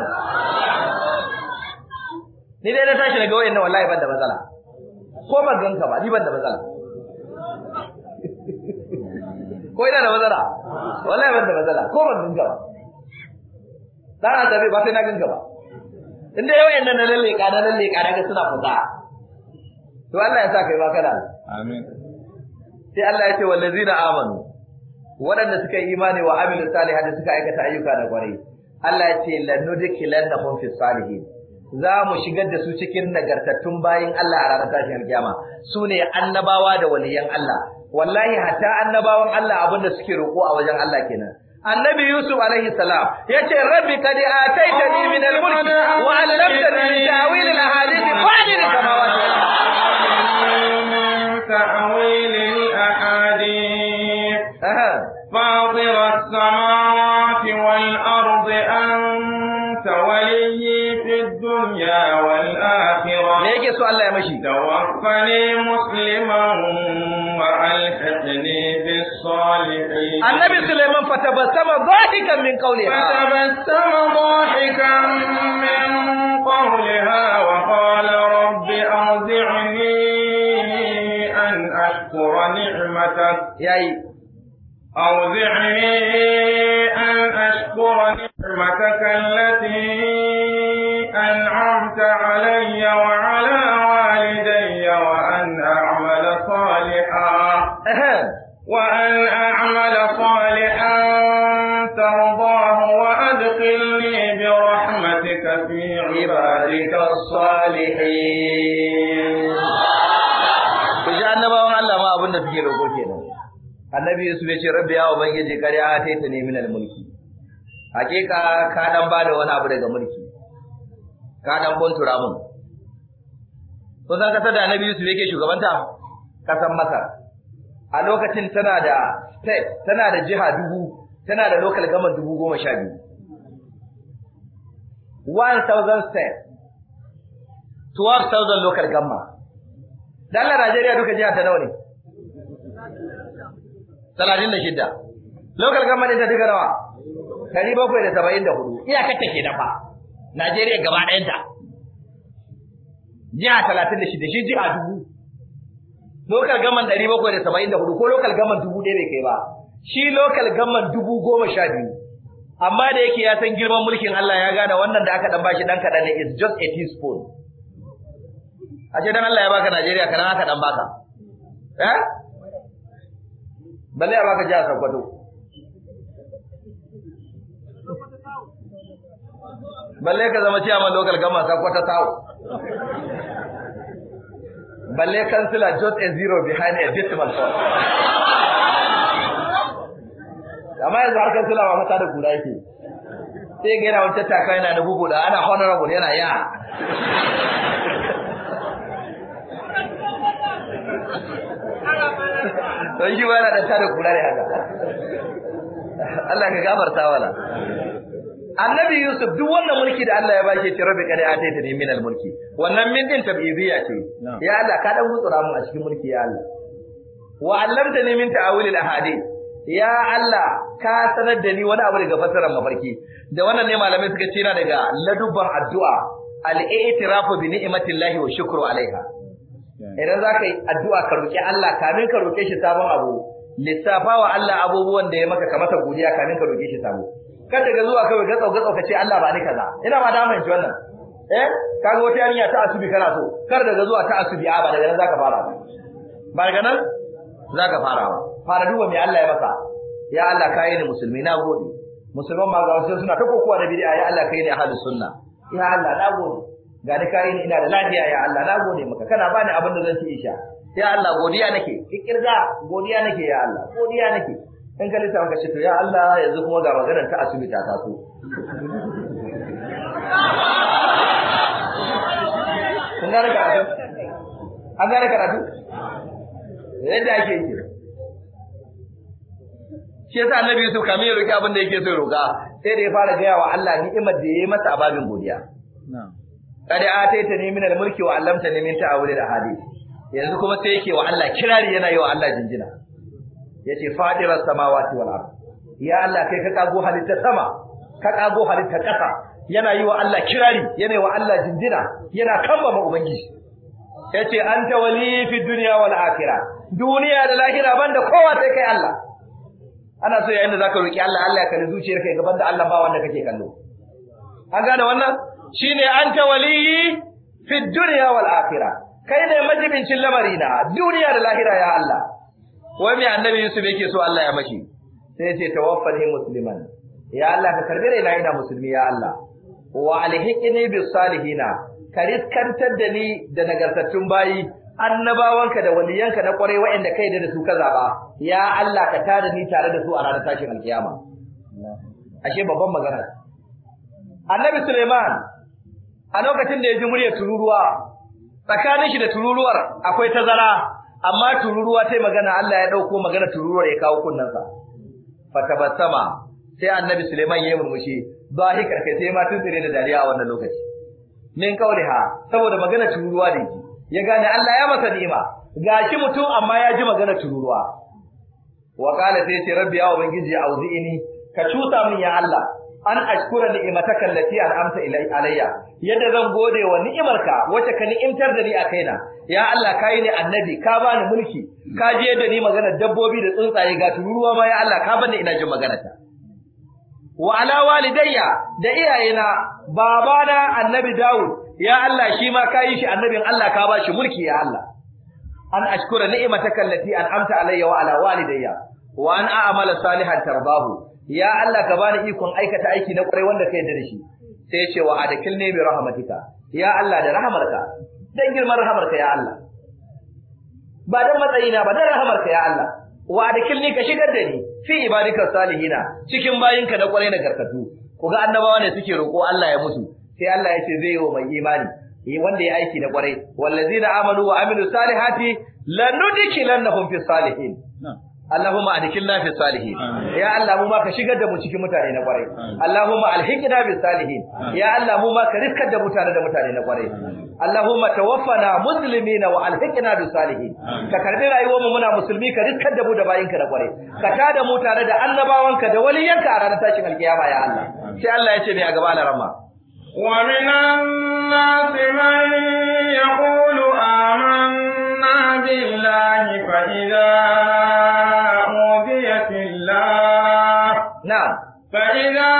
ni dai na tashi daga wayannan wallahi ban da matsala ko zan ganka ba ni ban da matsala ko ina da matsala wallahi ban da matsala ko ban ganka ba dan tafi ba sai na ganka ba in dai wayannan na lalle ka na lalle ka daga suna fuka to Allah ya sa kai ba kana amin sai Allah ya ce wallazina amanu waɗanda suka yi imani wa amilu salihati suka aikata ayyuka da kwarai Allah ya ce lanudkilannahum fis salihin za mu shigar da su cikin nagartattun bayin Allah a ranar tashin alkiyama su ne annabawa da waliyan Allah wallahi hatta annabawan Allah abinda suke roƙo a wajen Allah kenan annabi yusuf alaihi salam yace rabbi qad ataitani min al mulki. wa 'allamtani min ta'wil al-ahadith fa'dil samawati ta'wil al-ahadith فاطر السماوات الدنيا والآخرة ما سؤال الله يا مشي توفني مسلما وألحقني بالصالحين النبي سليمان فتبسم ضاحكا من قولها فتبسم ضاحكا من قولها وقال رب أرجعني أن أشكر نعمتك يا إيه. أوزعني أن أشكر نعمتك التي أنعمت علي وعلى والدي وأن أعمل صالحا وأن أعمل صالحا ترضاه وأدخلني برحمتك في عبادك الصالحين annabawan Allah ma abin da suke roƙo kenan. Annabi Yusuf ya ce rabbi ya bangiji kariya ta ta ne minal mulki. Hakika ka dan bada wani abu daga mulki. ka dan bontura mun ko zaka sada da Annabi Yusuf yake shugabanta kasan Masar a lokacin tana da state tana da jiha dubu tana da local government dubu goma sha biyu 1000 state 12000 local government la Najeriya duka jiha ta nawa ne? 36 da shidda. Local government ta duka nawa? Dari bakwai da da hudu. ke dafa. Najeriya gaba ɗayanta. Jiha talatin da shida, shi jiha dubu. Lokal gaman ɗari bakwai da saba'in da hudu ko lokal gaman dubu ɗaya bai kai ba. Shi lokal gaman dubu goma sha biyu. Amma da yake ya san girman mulkin Allah ya gane wannan da aka ɗan bashi ɗan kaɗan ne is just a teaspoon. ce dan Allah ya baka Najeriya kaɗan aka ɗan baka. Eh? Balle ya baka jihar Sokoto. balle ka zama ciyaman local government ta kwata tawo balle kansila just a zero behind a decimal point amma yanzu har kansila ba mata da kura yake sai ga yana wancan taka yana da bugu da ana honorable yana ya don shi ba yana da tada kura ne haka Allah ka gafarta wala annabi yusuf duk wannan mulki da Allah ya bashi ce rabbi kada a taita ne min al mulki wannan min din tabiziya ce ya Allah ka dan gutsura mu a cikin mulki ya Allah wa allamta ne min ta'awil al ahadi ya Allah ka sanar da ni wani abu daga fasarar mafarki da wannan ne malamai suka ce na daga ladubban addu'a al i'tirafu bi ni'matillahi wa shukru alaiha idan zaka yi addu'a ka roki Allah kamin ka roke shi sabon abu lissafa wa Allah abubuwan da ya maka ka masa godiya kamin ka roke shi sabo kada ga zuwa kawai ga tsauka tsauka ce Allah ba ni kaza ina ma da fahimci wannan eh kaga wata yarinya ta asubi kana so kar daga zuwa ta asubi a ba daga nan zaka fara ba daga nan zaka fara ba fara duba me Allah ya maka ya Allah kai ni musulmi na gode musulman ma ga wasu suna ta kokowa da bid'a ya Allah kai ni ahlus sunna ya Allah na gode ga ni kai ni ina da lafiya ya Allah na gode maka kana bani abin da zan ci isha ya Allah godiya nake kikirga godiya nake ya Allah godiya nake in ka lissafa ka ce to ya Allah yanzu kuma ga maganar ta asibita ta taso. kun gane karatu an gane karatu yadda ake yi shi yasa annabi Yusuf kamin ya roki abin da yake so ya roka sai da ya fara gaya wa Allah ni'imar da ya yi masa ababin godiya kad ataita ni min al-mulki wa 'allamtani a wuri da hali. yanzu kuma sai yake wa Allah kirari yana yi wa Allah jinjina yace samawa samawati wal ard ya Allah kai ka kago halitta sama ka kago halitta ƙasa. yana yi wa Allah kirari yana yi wa Allah jinjina yana kambama ubangiji yace ta wali fi dunya wal akhirah duniya da lahira banda kowa sai kai Allah ana so yayin da zaka roki Allah Allah ya kalli zuciyarka ya gaban da Allah ba wanda kake kallo an gane wannan shine ta wali fi dunya wal akhirah kai ne majibincin lamarina duniya da lahira ya Allah wai mai annabi Yusuf yake so Allah ya mashi sai ce tawaffani musliman ya Allah ka karbi raina ina musulmi ya Allah wa alhiqni bis salihina ka riskantar da ni da nagartattun bayi annabawanka da waliyanka na kwarai wa'anda kai da su ka zaba ya Allah ka tada ni tare da su a ranar tashin alkiyama ashe babban magana annabi Suleiman a lokacin da ya ji muryar tururuwa tsakanin shi da tururuwar akwai tazara amma tururuwa yi magana Allah ya dauko magana tururuwar ya kawo kunnansa fatabassama sai annabi Suleiman ya murmushi zahikar kai sai ma tsire da dariya a wannan lokaci min kauliha saboda magana tururuwa da yake ya gane Allah ya masa ni'ima gashi mutum amma ya ji magana tururuwa wa qala sai ce rabbi ya ubangiji ini ka cuta min ya Allah an ashkura ni'imataka allati an'amta alayya yadda zan gode wa ni'imarka wacce ka ni'imtar da ni a kaina ya Allah kai ni annabi ka bani mulki ka je da ni magana dabbobi da tsuntsaye ga tururuwa ma ya Allah ka bani ina jin magana ta wa ala walidayya da iyayena babana annabi Dawud ya Allah shi ma ka yi shi annabin Allah ka ba mulki ya Allah an ashkura ni'imataka allati an'amta alayya wa ala walidayya wa an a'mala salihan tarbahu. ya Allah ka bani ikon aikata aiki na kwarai wanda ka da shi sai ya ce wa ne bi rahmatika ya Allah da rahamarka dan girman rahamarka ya Allah ba dan matsayina ba dan rahamarka ya Allah wa ne ka shigar da ni fi ibadika salihina cikin bayinka na kwarai Ku ga annabawa ne suke roko Allah ya mutu sai Allah ya ce zai yi wa mai imani eh, wanda ya aiki da kwarai wallazina amanu wa amilu salihati lanudkilannahum fi salihin Allahumma adkhilna fi salihin ya Allah ka shigar da mu cikin mutane na kwarai Allahumma alhiqna bi salihin ya Allah ka riskar mutane da mutane na kwarai Allahumma tawaffana muslimina wa alhiqna bi salihin ka karbi rayuwarmu muna musulmi ka riskar da mu da na ka tada mu da annabawanka da waliyanka a ranar tashin alkiyama ya Allah sai Allah ya ce a gaba da ومن الناس من يقول آمنا بالله فإذا فإذا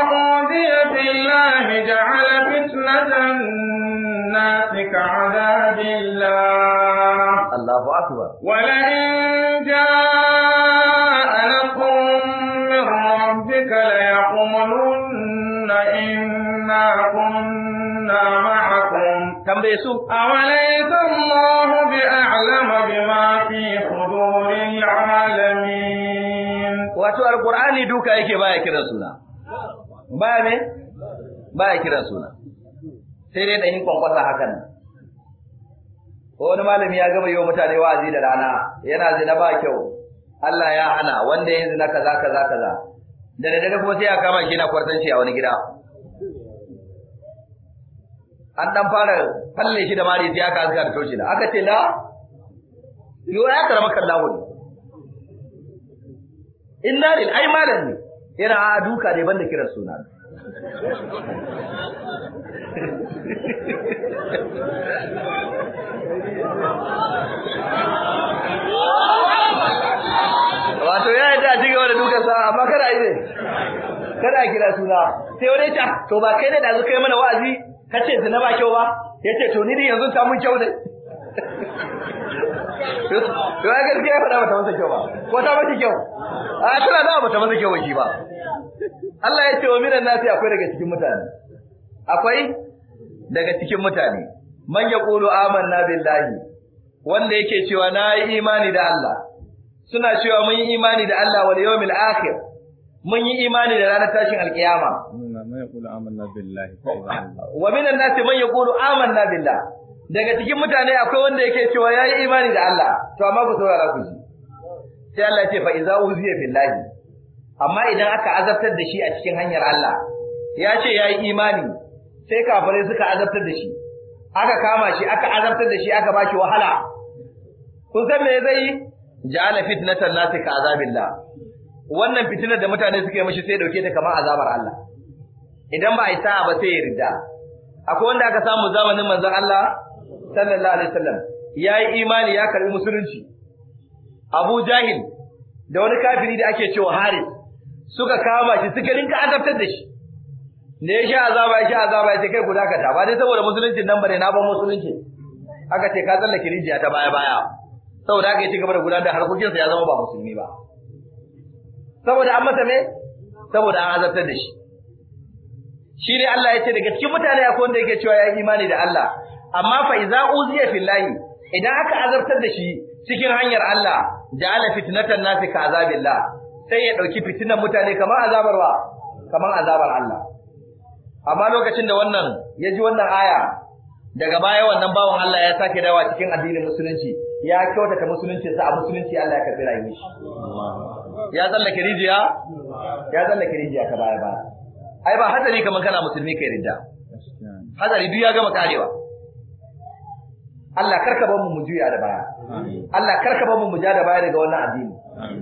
أوذي في الله جعل فتنة الناس كعذاب الله الله أكبر ولئن جاء لكم من ربك ليقولن إنا كنا معكم tambaye su A awalaysa Allahu bi a'lama ma fi suduril alamin wato alqur'ani duka yake baya kiran suna baya ne? baya kiran suna sai dai dan kwankwasa hakan ko wani malami ya gama yi wa mutane wa'azi da rana yana zina ba kyau Allah ya hana wanda ya zina kaza kaza kaza da daddare kuma sai ya kama shi na kwartanci a wani gida an dan fara falle shi da mari sai aka azga da taushi da aka ce la yo ya karama kallahu ne inna lil ai malam ne yana a duka ne banda kiran suna wato ya yi ta ci gaba da dukan sa amma kada a yi ne kada a kira suna sai wani ta ah, to ba kai ne da zai kai mana wa'azi ka ce na ba kyau ba ya ce to ni dai yanzu ta mun kyau ne to ya gaskiya ya faɗa mata masa kyau ba ko ta mata kyau a tana da mata masa kyau ba ba Allah ya ce wa minan nasi akwai daga cikin mutane akwai daga cikin mutane man ya yaqulu amanna billahi wanda yake cewa na yi imani da Allah suna cewa mun yi imani da Allah wal yawmil akhir mun yi imani da ranar tashin alkiyama man yaqulu amanna billahi ah, wa minan nasi man yaqulu amanna billah daga cikin mutane akwai wanda yake cewa yayi imani da Allah to amma ku saurara ku sai Allah ya ce fa iza uziya billahi amma idan aka azabtar da shi a cikin hanyar Allah ya ce yayi imani sai kafirai suka azabtar da shi aka kama shi aka azabtar da shi aka ba shi wahala kun san me zai yi ja'ala fitnatan nasi ka azabillah wannan fitinar da mutane suke mashi sai dauke ta kamar azabar Allah idan ba a yi sa'a ba sai ya rida akwai wanda aka samu zamanin manzon Allah sallallahu alaihi wasallam yayi imani ya karbi musulunci Abu Jahil da wani kafiri da ake cewa Haris suka kama shi suka rinka azabtar da shi ne ya sha azaba ya sha azaba ya ce kai guda ka ba dai saboda musulunci nan bane na ban musulunci aka ce ka tsalla kirijiya ta baya baya saboda aka yi ci gaba da gudanar da harkokinsa ya zama ba musulmi ba saboda an masa me saboda an azabtar da shi shi ne Allah ya ce daga cikin mutane akwai wanda yake cewa ya yi imani da Allah amma fa iza uziya fillahi idan aka azartar da shi cikin hanyar Allah ja'ala fitnatan nasi ka azabillah sai ya ɗauki fitinan mutane kamar azabarwa kamar azabar Allah amma lokacin da wannan ya ji wannan aya daga baya wannan bawan Allah ya sake dawa cikin addinin musulunci ya kyautata musulunci sa a musulunci Allah ya karbi rayuwar shi ya tsallake rijiya ya tsallake rijiya ta baya baya ai ba hadari kamar kana musulmi kai ridda hadari duk ya gama karewa Allah karka ba mu mu juya da baya Allah karka ba mu mu ja da baya daga wannan addini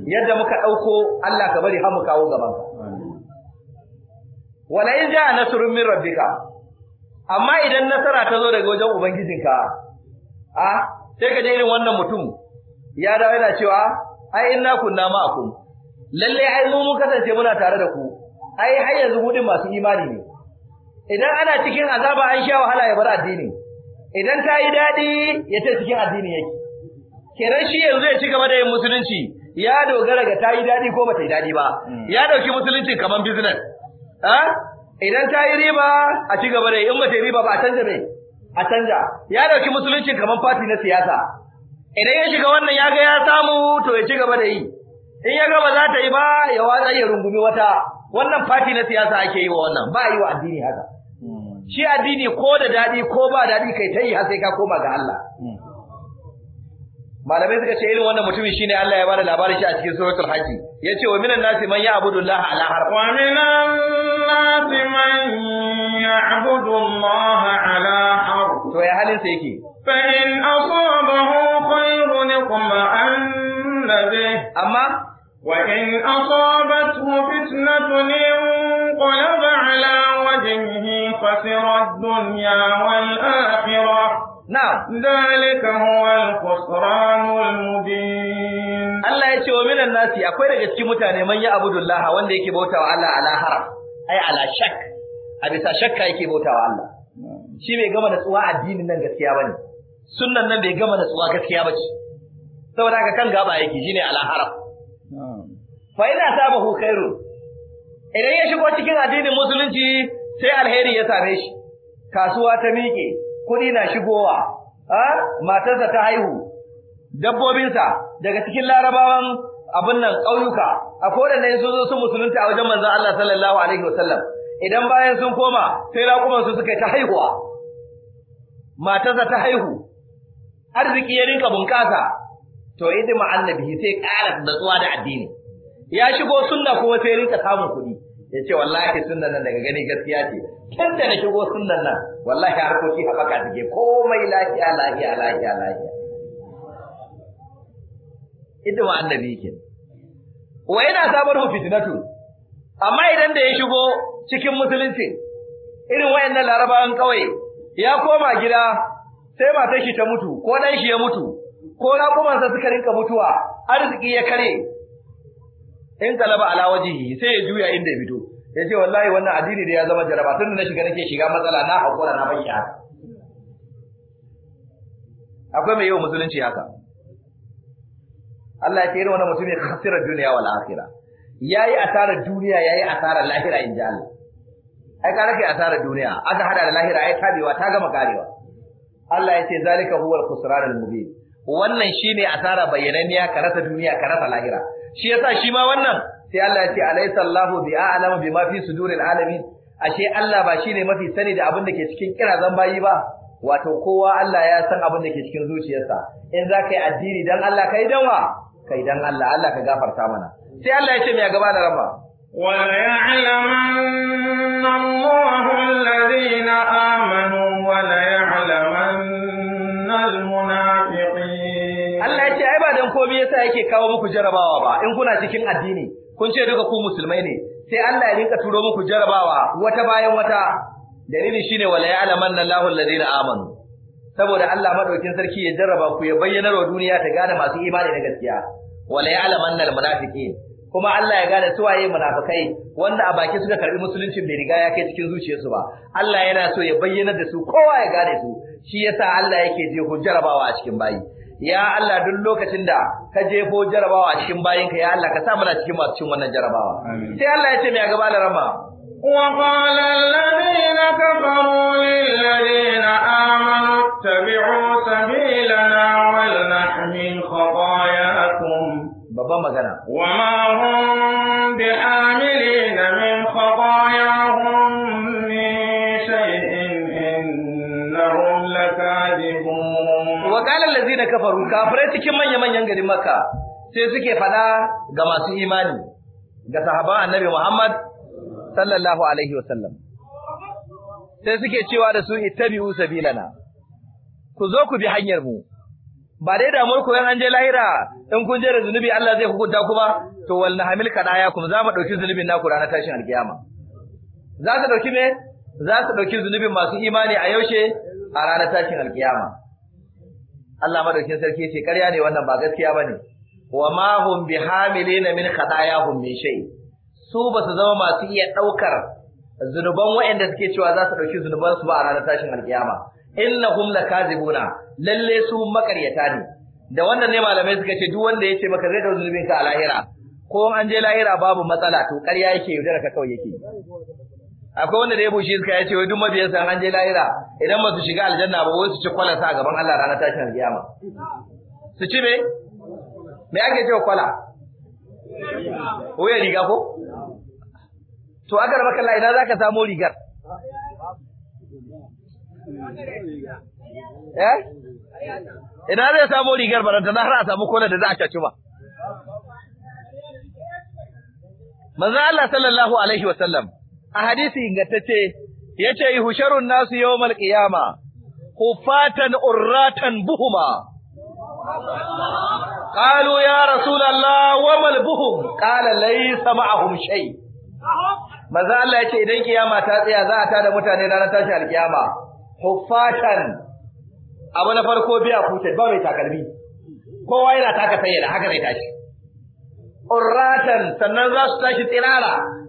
yadda muka dauko Allah ka bari har mu kawo gaban ka wala in ja nasrun min rabbika amma idan nasara ta zo daga wajen ubangijinka a sai ka je irin wannan mutum ya dawo yana cewa ai inna kunna ma'akum lalle ai mu mun kasance muna tare da ku ai har yanzu mu din masu imani ne idan ana cikin azaba an sha wahala ya bar addini idan ta yi dadi ya ta cikin addini yake kenan shi yanzu ya ci gaba da yin musulunci ya dogara ga ta yi dadi ko bata yi dadi ba hmm. ya dauki musulunci kaman business eh idan ta yi riba a ci gaba da in bata yi riba ba a canja mai a canja ya dauki musulunci kaman party na siyasa idan ya shiga wannan ya ga ya samu to ya ci gaba da yi in ya ga ba za ta yi ba ya watsa ya rungumi wata wannan fati na siyasa ake yi wa wannan ba yi wa addini haka shi addini ko da dadi ko ba dadi kai tai har sai ka koma ga Allah malamai suka ce irin wannan mutumin shine Allah ya bada labarin shi a cikin suratul haji yace wa minan nasi man ya'budu Allah ala harf wa minan nasi man ya'budu Allah ala harf to ya halin sa yake fa in asabahu khayrun qama nabi amma وإن أصابته فتنة انقلب على وجهه خسر الدنيا والآخرة نعم ذلك هو الخسران المبين الله يتي ومن الناس akwai daga cikin mutane man ya wanda yake bautawa Allah ala haram ai ala shak a bisa shakka yake bautawa Allah shi bai gama da tsuwa addinin nan gaskiya bane sunnan nan bai gama da tsuwa gaskiya bace saboda haka kan gaba yake shine ala haram fa ina sabahu khairu idan ya shigo cikin addinin musulunci sai alheri ya same shi kasuwa ta miƙe kuɗi na shigowa a matarsa ta haihu dabbobinsa daga cikin larabawan abin nan ƙauyuka a kodanne sun zo sun musulunta a wajen manzon Allah sallallahu alaihi wasallam idan bayan sun koma sai raƙuman su suka ta haihuwa matarsa ta haihu arziki ya rinka bunƙasa to idima annabi sai ƙara tsuwa da addini ya shigo sunna kuma sai rinka samun kuɗi ya ce wallahi sunnan nan daga gani gaskiya ce tun da na shigo sunnan nan wallahi harkoki haɓaka take komai lafiya lafiya lafiya lafiya hidima annabi ke wa yana sabar hu fitnatu amma idan da ya shigo cikin musulunci irin wayannan larabawan kawai ya koma gida sai matar shi ta mutu ko dan shi ya mutu ko raƙumansa suka rinka mutuwa arziki ya kare in kalaba ala wajihi sai ya juya inda ya fito ya ce wallahi wannan addini da ya zama jaraba tun da na shiga nake shiga matsala na hakura na bai haka akwai mai wa musulunci haka Allah ya ce irin wannan mutum ya kasira duniya wal akhirah yayi asarar duniya yayi asarar lahira in Allah ai ka rake asarar duniya aka hada da lahira ai tabewa ta gama karewa Allah ya ce zalika huwal khusran al mubin wannan shine asara bayyananniya ka rasa duniya ka rasa lahira shi yasa shi ma wannan sai Allah ya ce alaysa Allahu bi a'lamu bima fi suduril alamin ashe Allah ba shine mafi sani da abin da ke cikin kirazan bayi ba wato kowa Allah ya san abin da ke cikin zuciyarsa in za ka yi addini dan Allah kai dan wa kai dan Allah Allah ka gafarta mana sai Allah ya ce me gaba da rama wa ya'lamanna Allahu alladhina amanu shi yasa yake kawo muku jarabawa ba in kuna cikin addini kun ce duka ku musulmai ne sai Allah ya rinka turo muku jarabawa wata bayan wata dalili shine wala ya'lamanna Allahu alladhina amanu saboda Allah madaukin sarki ya jarraba ku ya bayyana wa duniya ta gane masu imani da gaskiya wala ya'lamanna almunafiqin kuma Allah ya gane suwaye munafikai wanda a baki suka karbi musulunci bai riga ya kai cikin zuciyarsu ba Allah yana so ya bayyana da su kowa ya gane su shi yasa Allah yake je ku jarabawa a cikin bayi ya Allah duk lokacin da ka jefo jarabawa a cikin bayinka ya Allah ka sa mana cikin masu cin wannan jarabawa sai Allah ya ce mai gaba da rama وقال الذين كفروا للذين آمنوا اتبعوا سبيلنا ولنحمل خطاياكم بابا مغنى وما هم بحاملين من خطاياهم wa qala allazina kafaru kafirai cikin manyan manyan garin makka sai suke fada ga masu imani ga sahaban annabi muhammad sallallahu alaihi wasallam sai suke cewa da su ittabi'u sabilana ku zo ku bi hanyar mu ba dai damuwar ku yan an lahira in kun je da zunubi Allah zai hukunta ku ba to wal hamil kadaya kuma za mu dauki zunubin naku ranar tashin alkiyama za su dauki me za su dauki zunubin masu imani a yaushe a ranar tashin alkiyama Allah madaukin sarki ce ƙarya ne wannan ba gaskiya bane wa ma hum Hamilina min khatayahum min shay su ba su zama masu iya ɗaukar zunuban waɗanda suke cewa za su dauki zunuban su ba a ranar tashin alkiyama innahum lakazibuna lalle su makaryata ne da wannan ne malamai suka ce duk wanda yace maka zai dauki zunubin ka a lahira ko an je lahira babu matsala to ƙarya yake yaudara ka kawai yake akwai wanda da ya bushe iska ya ce wai duk mabiyan sa an je lahira idan ba su shiga aljanna ba wai su ci kwala sa gaban Allah ranar tashin alkiyama su ci me me ake cewa kwala wuya riga ko to aka raba Allah ina zaka samu rigar eh ina zai samu rigar ba na har a samu kwala da za a ci ba manzo Allah sallallahu alaihi wasallam a hadisi ingantacce yace husharun nasu yawmal ku hufatan urratan buhuma rasu da رسول wa وما ƙala قال sama a شيء maza Allah ya ce idan kiyama ta tsaya za a tada mutane ranar tashi Ku hufatan abu na farko biya kuce ba mai takalmi kowa yana taka sayyada haka zai tashi urratan sannan za su tashi tsirara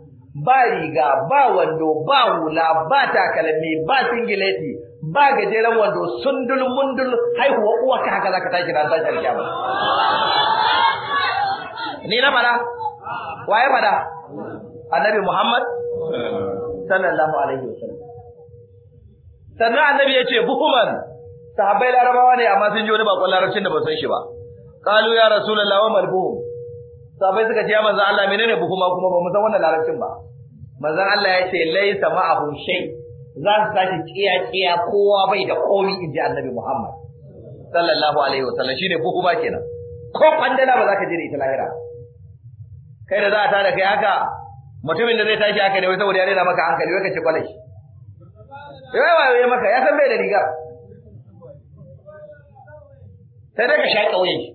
ba riga ba wando ba hula ba takalmi ba singileti ba gajeren wando sundul mundul haihuwa uwa ka haka zaka tashi ran tashin kiyama ni na fada waye fada annabi muhammad sallallahu alaihi wasallam sannan annabi yace buhuman sahabbai larabawa ne amma sun ji wani bakon larabcin da ba san shi ba qalu ya rasulullah wa malbuhum Sabai suka ce manzo Allah menene ma kuma ba mu san wannan larabcin ba manzo Allah ya ce laisa ma'ahu shay za su tashi kiya kiya kowa bai da komi inji annabi Muhammad sallallahu alaihi wasallam shine ba kenan ko fandala ba za ka je da ita lahira kai da za a da kai haka mutumin da zai tashi haka ne wai saboda ya rena maka hankali wai ka ce kwalai wai wai ya maka ya san bai da riga sai dai ka shaƙa wuyan shi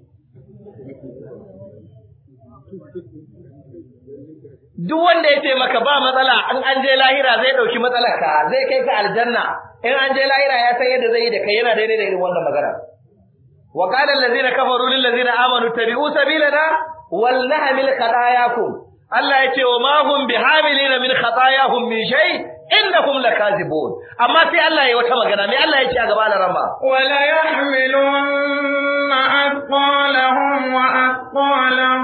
duk wanda ya ce maka ba matsala in an je lahira zai ɗauki matsalar ka zai kai ka aljanna in an je lahira ya san yadda zai yi da kai yana daidai da irin wannan magana wa qala allazina kafaru lil ladzina amanu tabi'u sabilana wal nahmil khatayakum Allah ya ce wa ma hum bihamilina min khatayahum min shay innahum lakazibun amma sai Allah ya wata magana me Allah ya ce a gaba da ramba wala yahmilunna athqalahum wa athqalan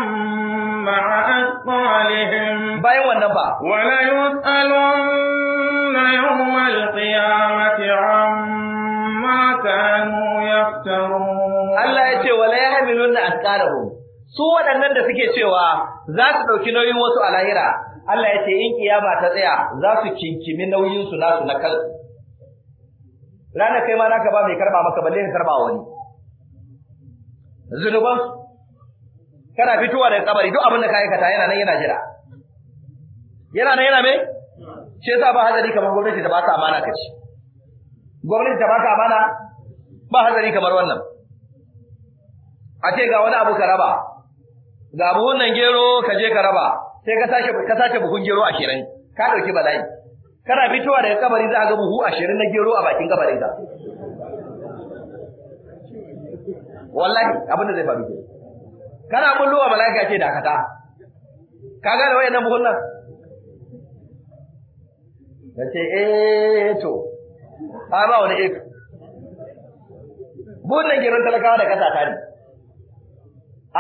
ma'a athqalihim bayan wannan ba wala yusaluna yawmal qiyamati amma kanu yaftarun Allah ya ce wala yahmilunna athqalahum su waɗannan da suke cewa za su ɗauki nauyin wasu a lahira Allah ya ce in kiyama ta tsaya za su kinkimi nauyin su nasu na kansu ranar kai ma ka ba mai karba maka balle ka karba wani zunuban kana fitowa daga kabari duk abin da ka aikata yana nan yana jira yana nan yana me shi yasa ba hazari kamar gwamnati da ba ta amana kace gwamnati da ba ta amana ba hazari kamar wannan a ce ga wani abu ka raba ga buhun nan gero ka je ka raba sai ka sake ka sake buhun gero 20 ka dauki bala'i kana fitowa daga kabari za ka ga buhu 20 na gero a bakin kabarin ka wallahi abin da zai faru kana bulluwa mala'ika ce dakata ka gane wayannan buhun nan nace eh to a ba wani eh buhun nan gero talakawa da kasa ta ne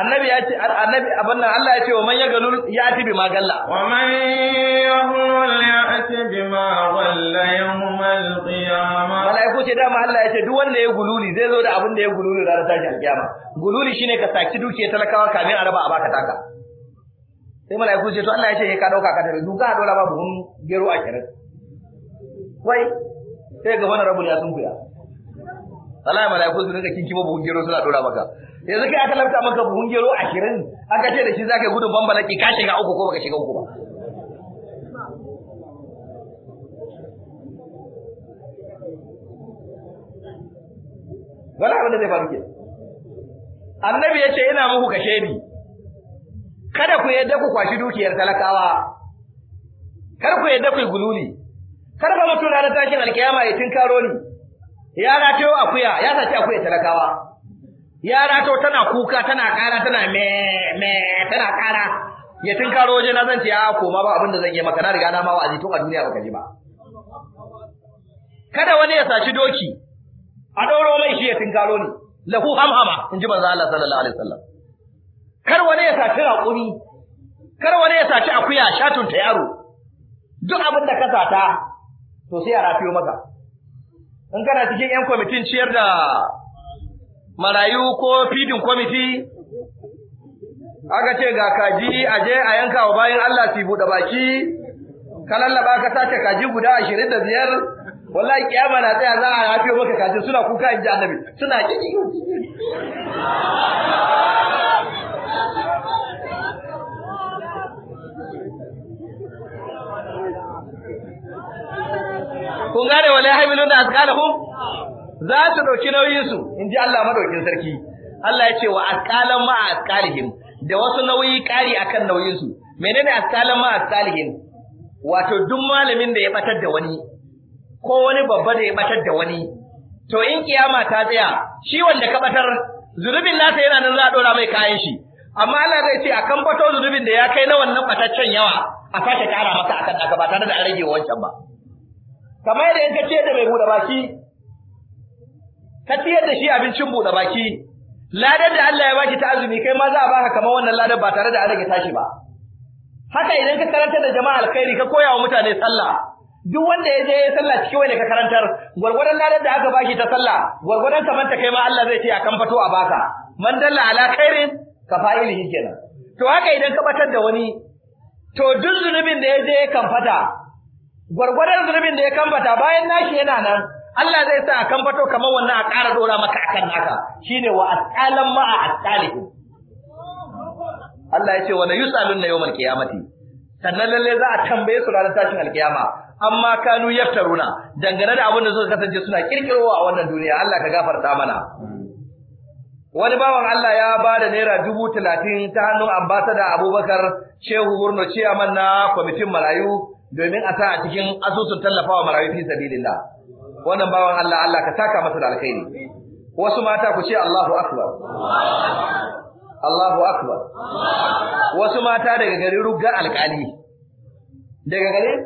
annabi ya ce annabi abin nan Allah ya ce wa man ya ya yati bi galla wa man yahul yati bima walla yawmal qiyamah malaiku ce dama Allah ya ce duk wanda ya gululi zai zo da abin da ya gululi ranar tashin alkiyama gululi shine ka saki dukiyar talakawa kamin a raba a baka taka sai malaiku ce to Allah ya ce ka dauka ka tare duka dole babu hun gero a kiran wai sai ga wani rabu ya sun kuya Allah ya malaiku su rinka kinkimo buhun gero suna dora maka yanzu kai aka lafta maka buhun gero 20 aka ce da shi zaka gudun bambalaki ka shiga uku ko baka shiga uku ba Wala abin da zai faru ke. Annabi ya ce ina muku kashe ni. Kada ku yadda ku kwashi dukiyar talakawa. Kar ku yadda ku yi gululi. Kar ba mutum ranar tashin alkiyama ya tinkaro ni. Ya ratayo akuya, ya saci akuya talakawa. yara to tana kuka tana kara tana me me tana kara ya tun karo waje na zan ce a ah, koma ba abin da zan yi maka na riga na ma wa'azi tun a duniya baka ji ba kada wani ya saci doki a dauro mai shi ya tun karo ne lahu hamhama in ji manzo Allah sallallahu alaihi wasallam kar wani ya saci raƙumi kar wani ya saci akuya shatun ta yaro duk abin da ka sata to sai a rafiyo maka in kana cikin yan kwamitin ciyar da marayu ko feeding committee aka ce ga kaji a je a yanka wa bayan Allah su buɗe baki ka lallaba ka sace kaji guda ashirin da biyar wallahi kiyama na tsaya za a hafiyo maka kaji suna kuka in ji annabi suna kiki kun gane wallahi hamilun da asqalahu za su dauki nauyinsu in ji Allah madaukin sarki Allah ya ce wa asqalan ma asqalihim da wasu nauyi kari akan nauyinsu menene asqalan ma asqalihim wato duk malamin da ya batar da wani ko wani babba da ya batar da wani to in kiyama ta tsaya shi wanda ka batar zunubin nasa yana nan za a dora mai kayan shi amma Allah zai ce akan bato zunubin da ya kai na wannan bataccen yawa a sake kara masa akan aka ba tare da an rage wancan ba kamar yadda in ka ce da mai buɗe baki ka tsiyar da shi abincin buɗe baki ladar da Allah ya baki ta azumi kai ma za a baka kamar wannan ladar ba tare da an rage tashi ba haka idan ka karanta da jama'a alkhairi ka koya wa mutane sallah duk wanda ya je ya sallah cikin wani ka karantar gwargwadon ladar da aka baki ta sallah gwargwadon kamar ta kai ma Allah zai ce a kan a baka man dalla ala khairin ka fa'ilihi kenan to haka idan ka batar da wani to duk zunubin da ya je ya kamfata gwargwadon zunubin da ya kamfata bayan nashi yana nan Allah zai sa a kamfato kamar wannan a ƙara dora maka akan naka shine wa asqalan a asqalihi Allah yace wa la yawmal qiyamati sannan lalle za a tambaye su ranar tashin alkiyama amma kanu yaftaruna dangane da abin da suka kasance suna kirkirowa a wannan duniya Allah ka gafarta mana wani bawan Allah ya ba da naira dubu ta hannun ambasada Abubakar Shehu Burno ciyaman na kwamitin marayu domin a sa a cikin asusun tallafawa marayu fi sabilillah wannan bawan Allah Allah ka saka masa da alkhairi wasu mata ku ce Allahu akbar Allahu akbar wasu mata daga garin rugar alkali daga garin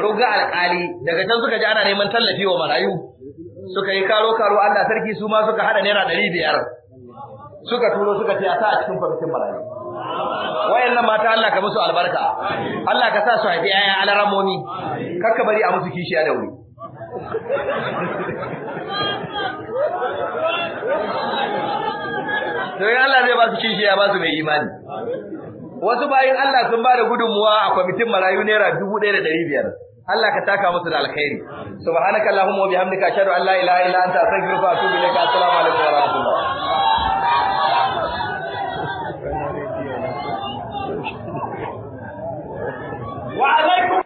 rugar alkali daga can suka ji ana neman tallafi wa marayu suka yi karo karo Allah sarki su ma suka hada naira 500 suka turo suka ce a sa a cikin farkin marayu wayannan mata Allah ka musu albarka Allah ka sa su haifi 'ya'ya alaramomi kakka bari a musu kishiya da wuri to in Allah zai ba su kishi ya ba su mai imani wasu bayan Allah sun ba da gudunmuwa a kwamitin marayu naira dubu ɗaya da ɗari biyar Allah ka taka musu da alkhairi subhanaka allahumma wa bihamdika ashhadu an la ilaha illa anta astaghfiruka wa atubu ilaik assalamu alaikum wa rahmatullah wa alaikum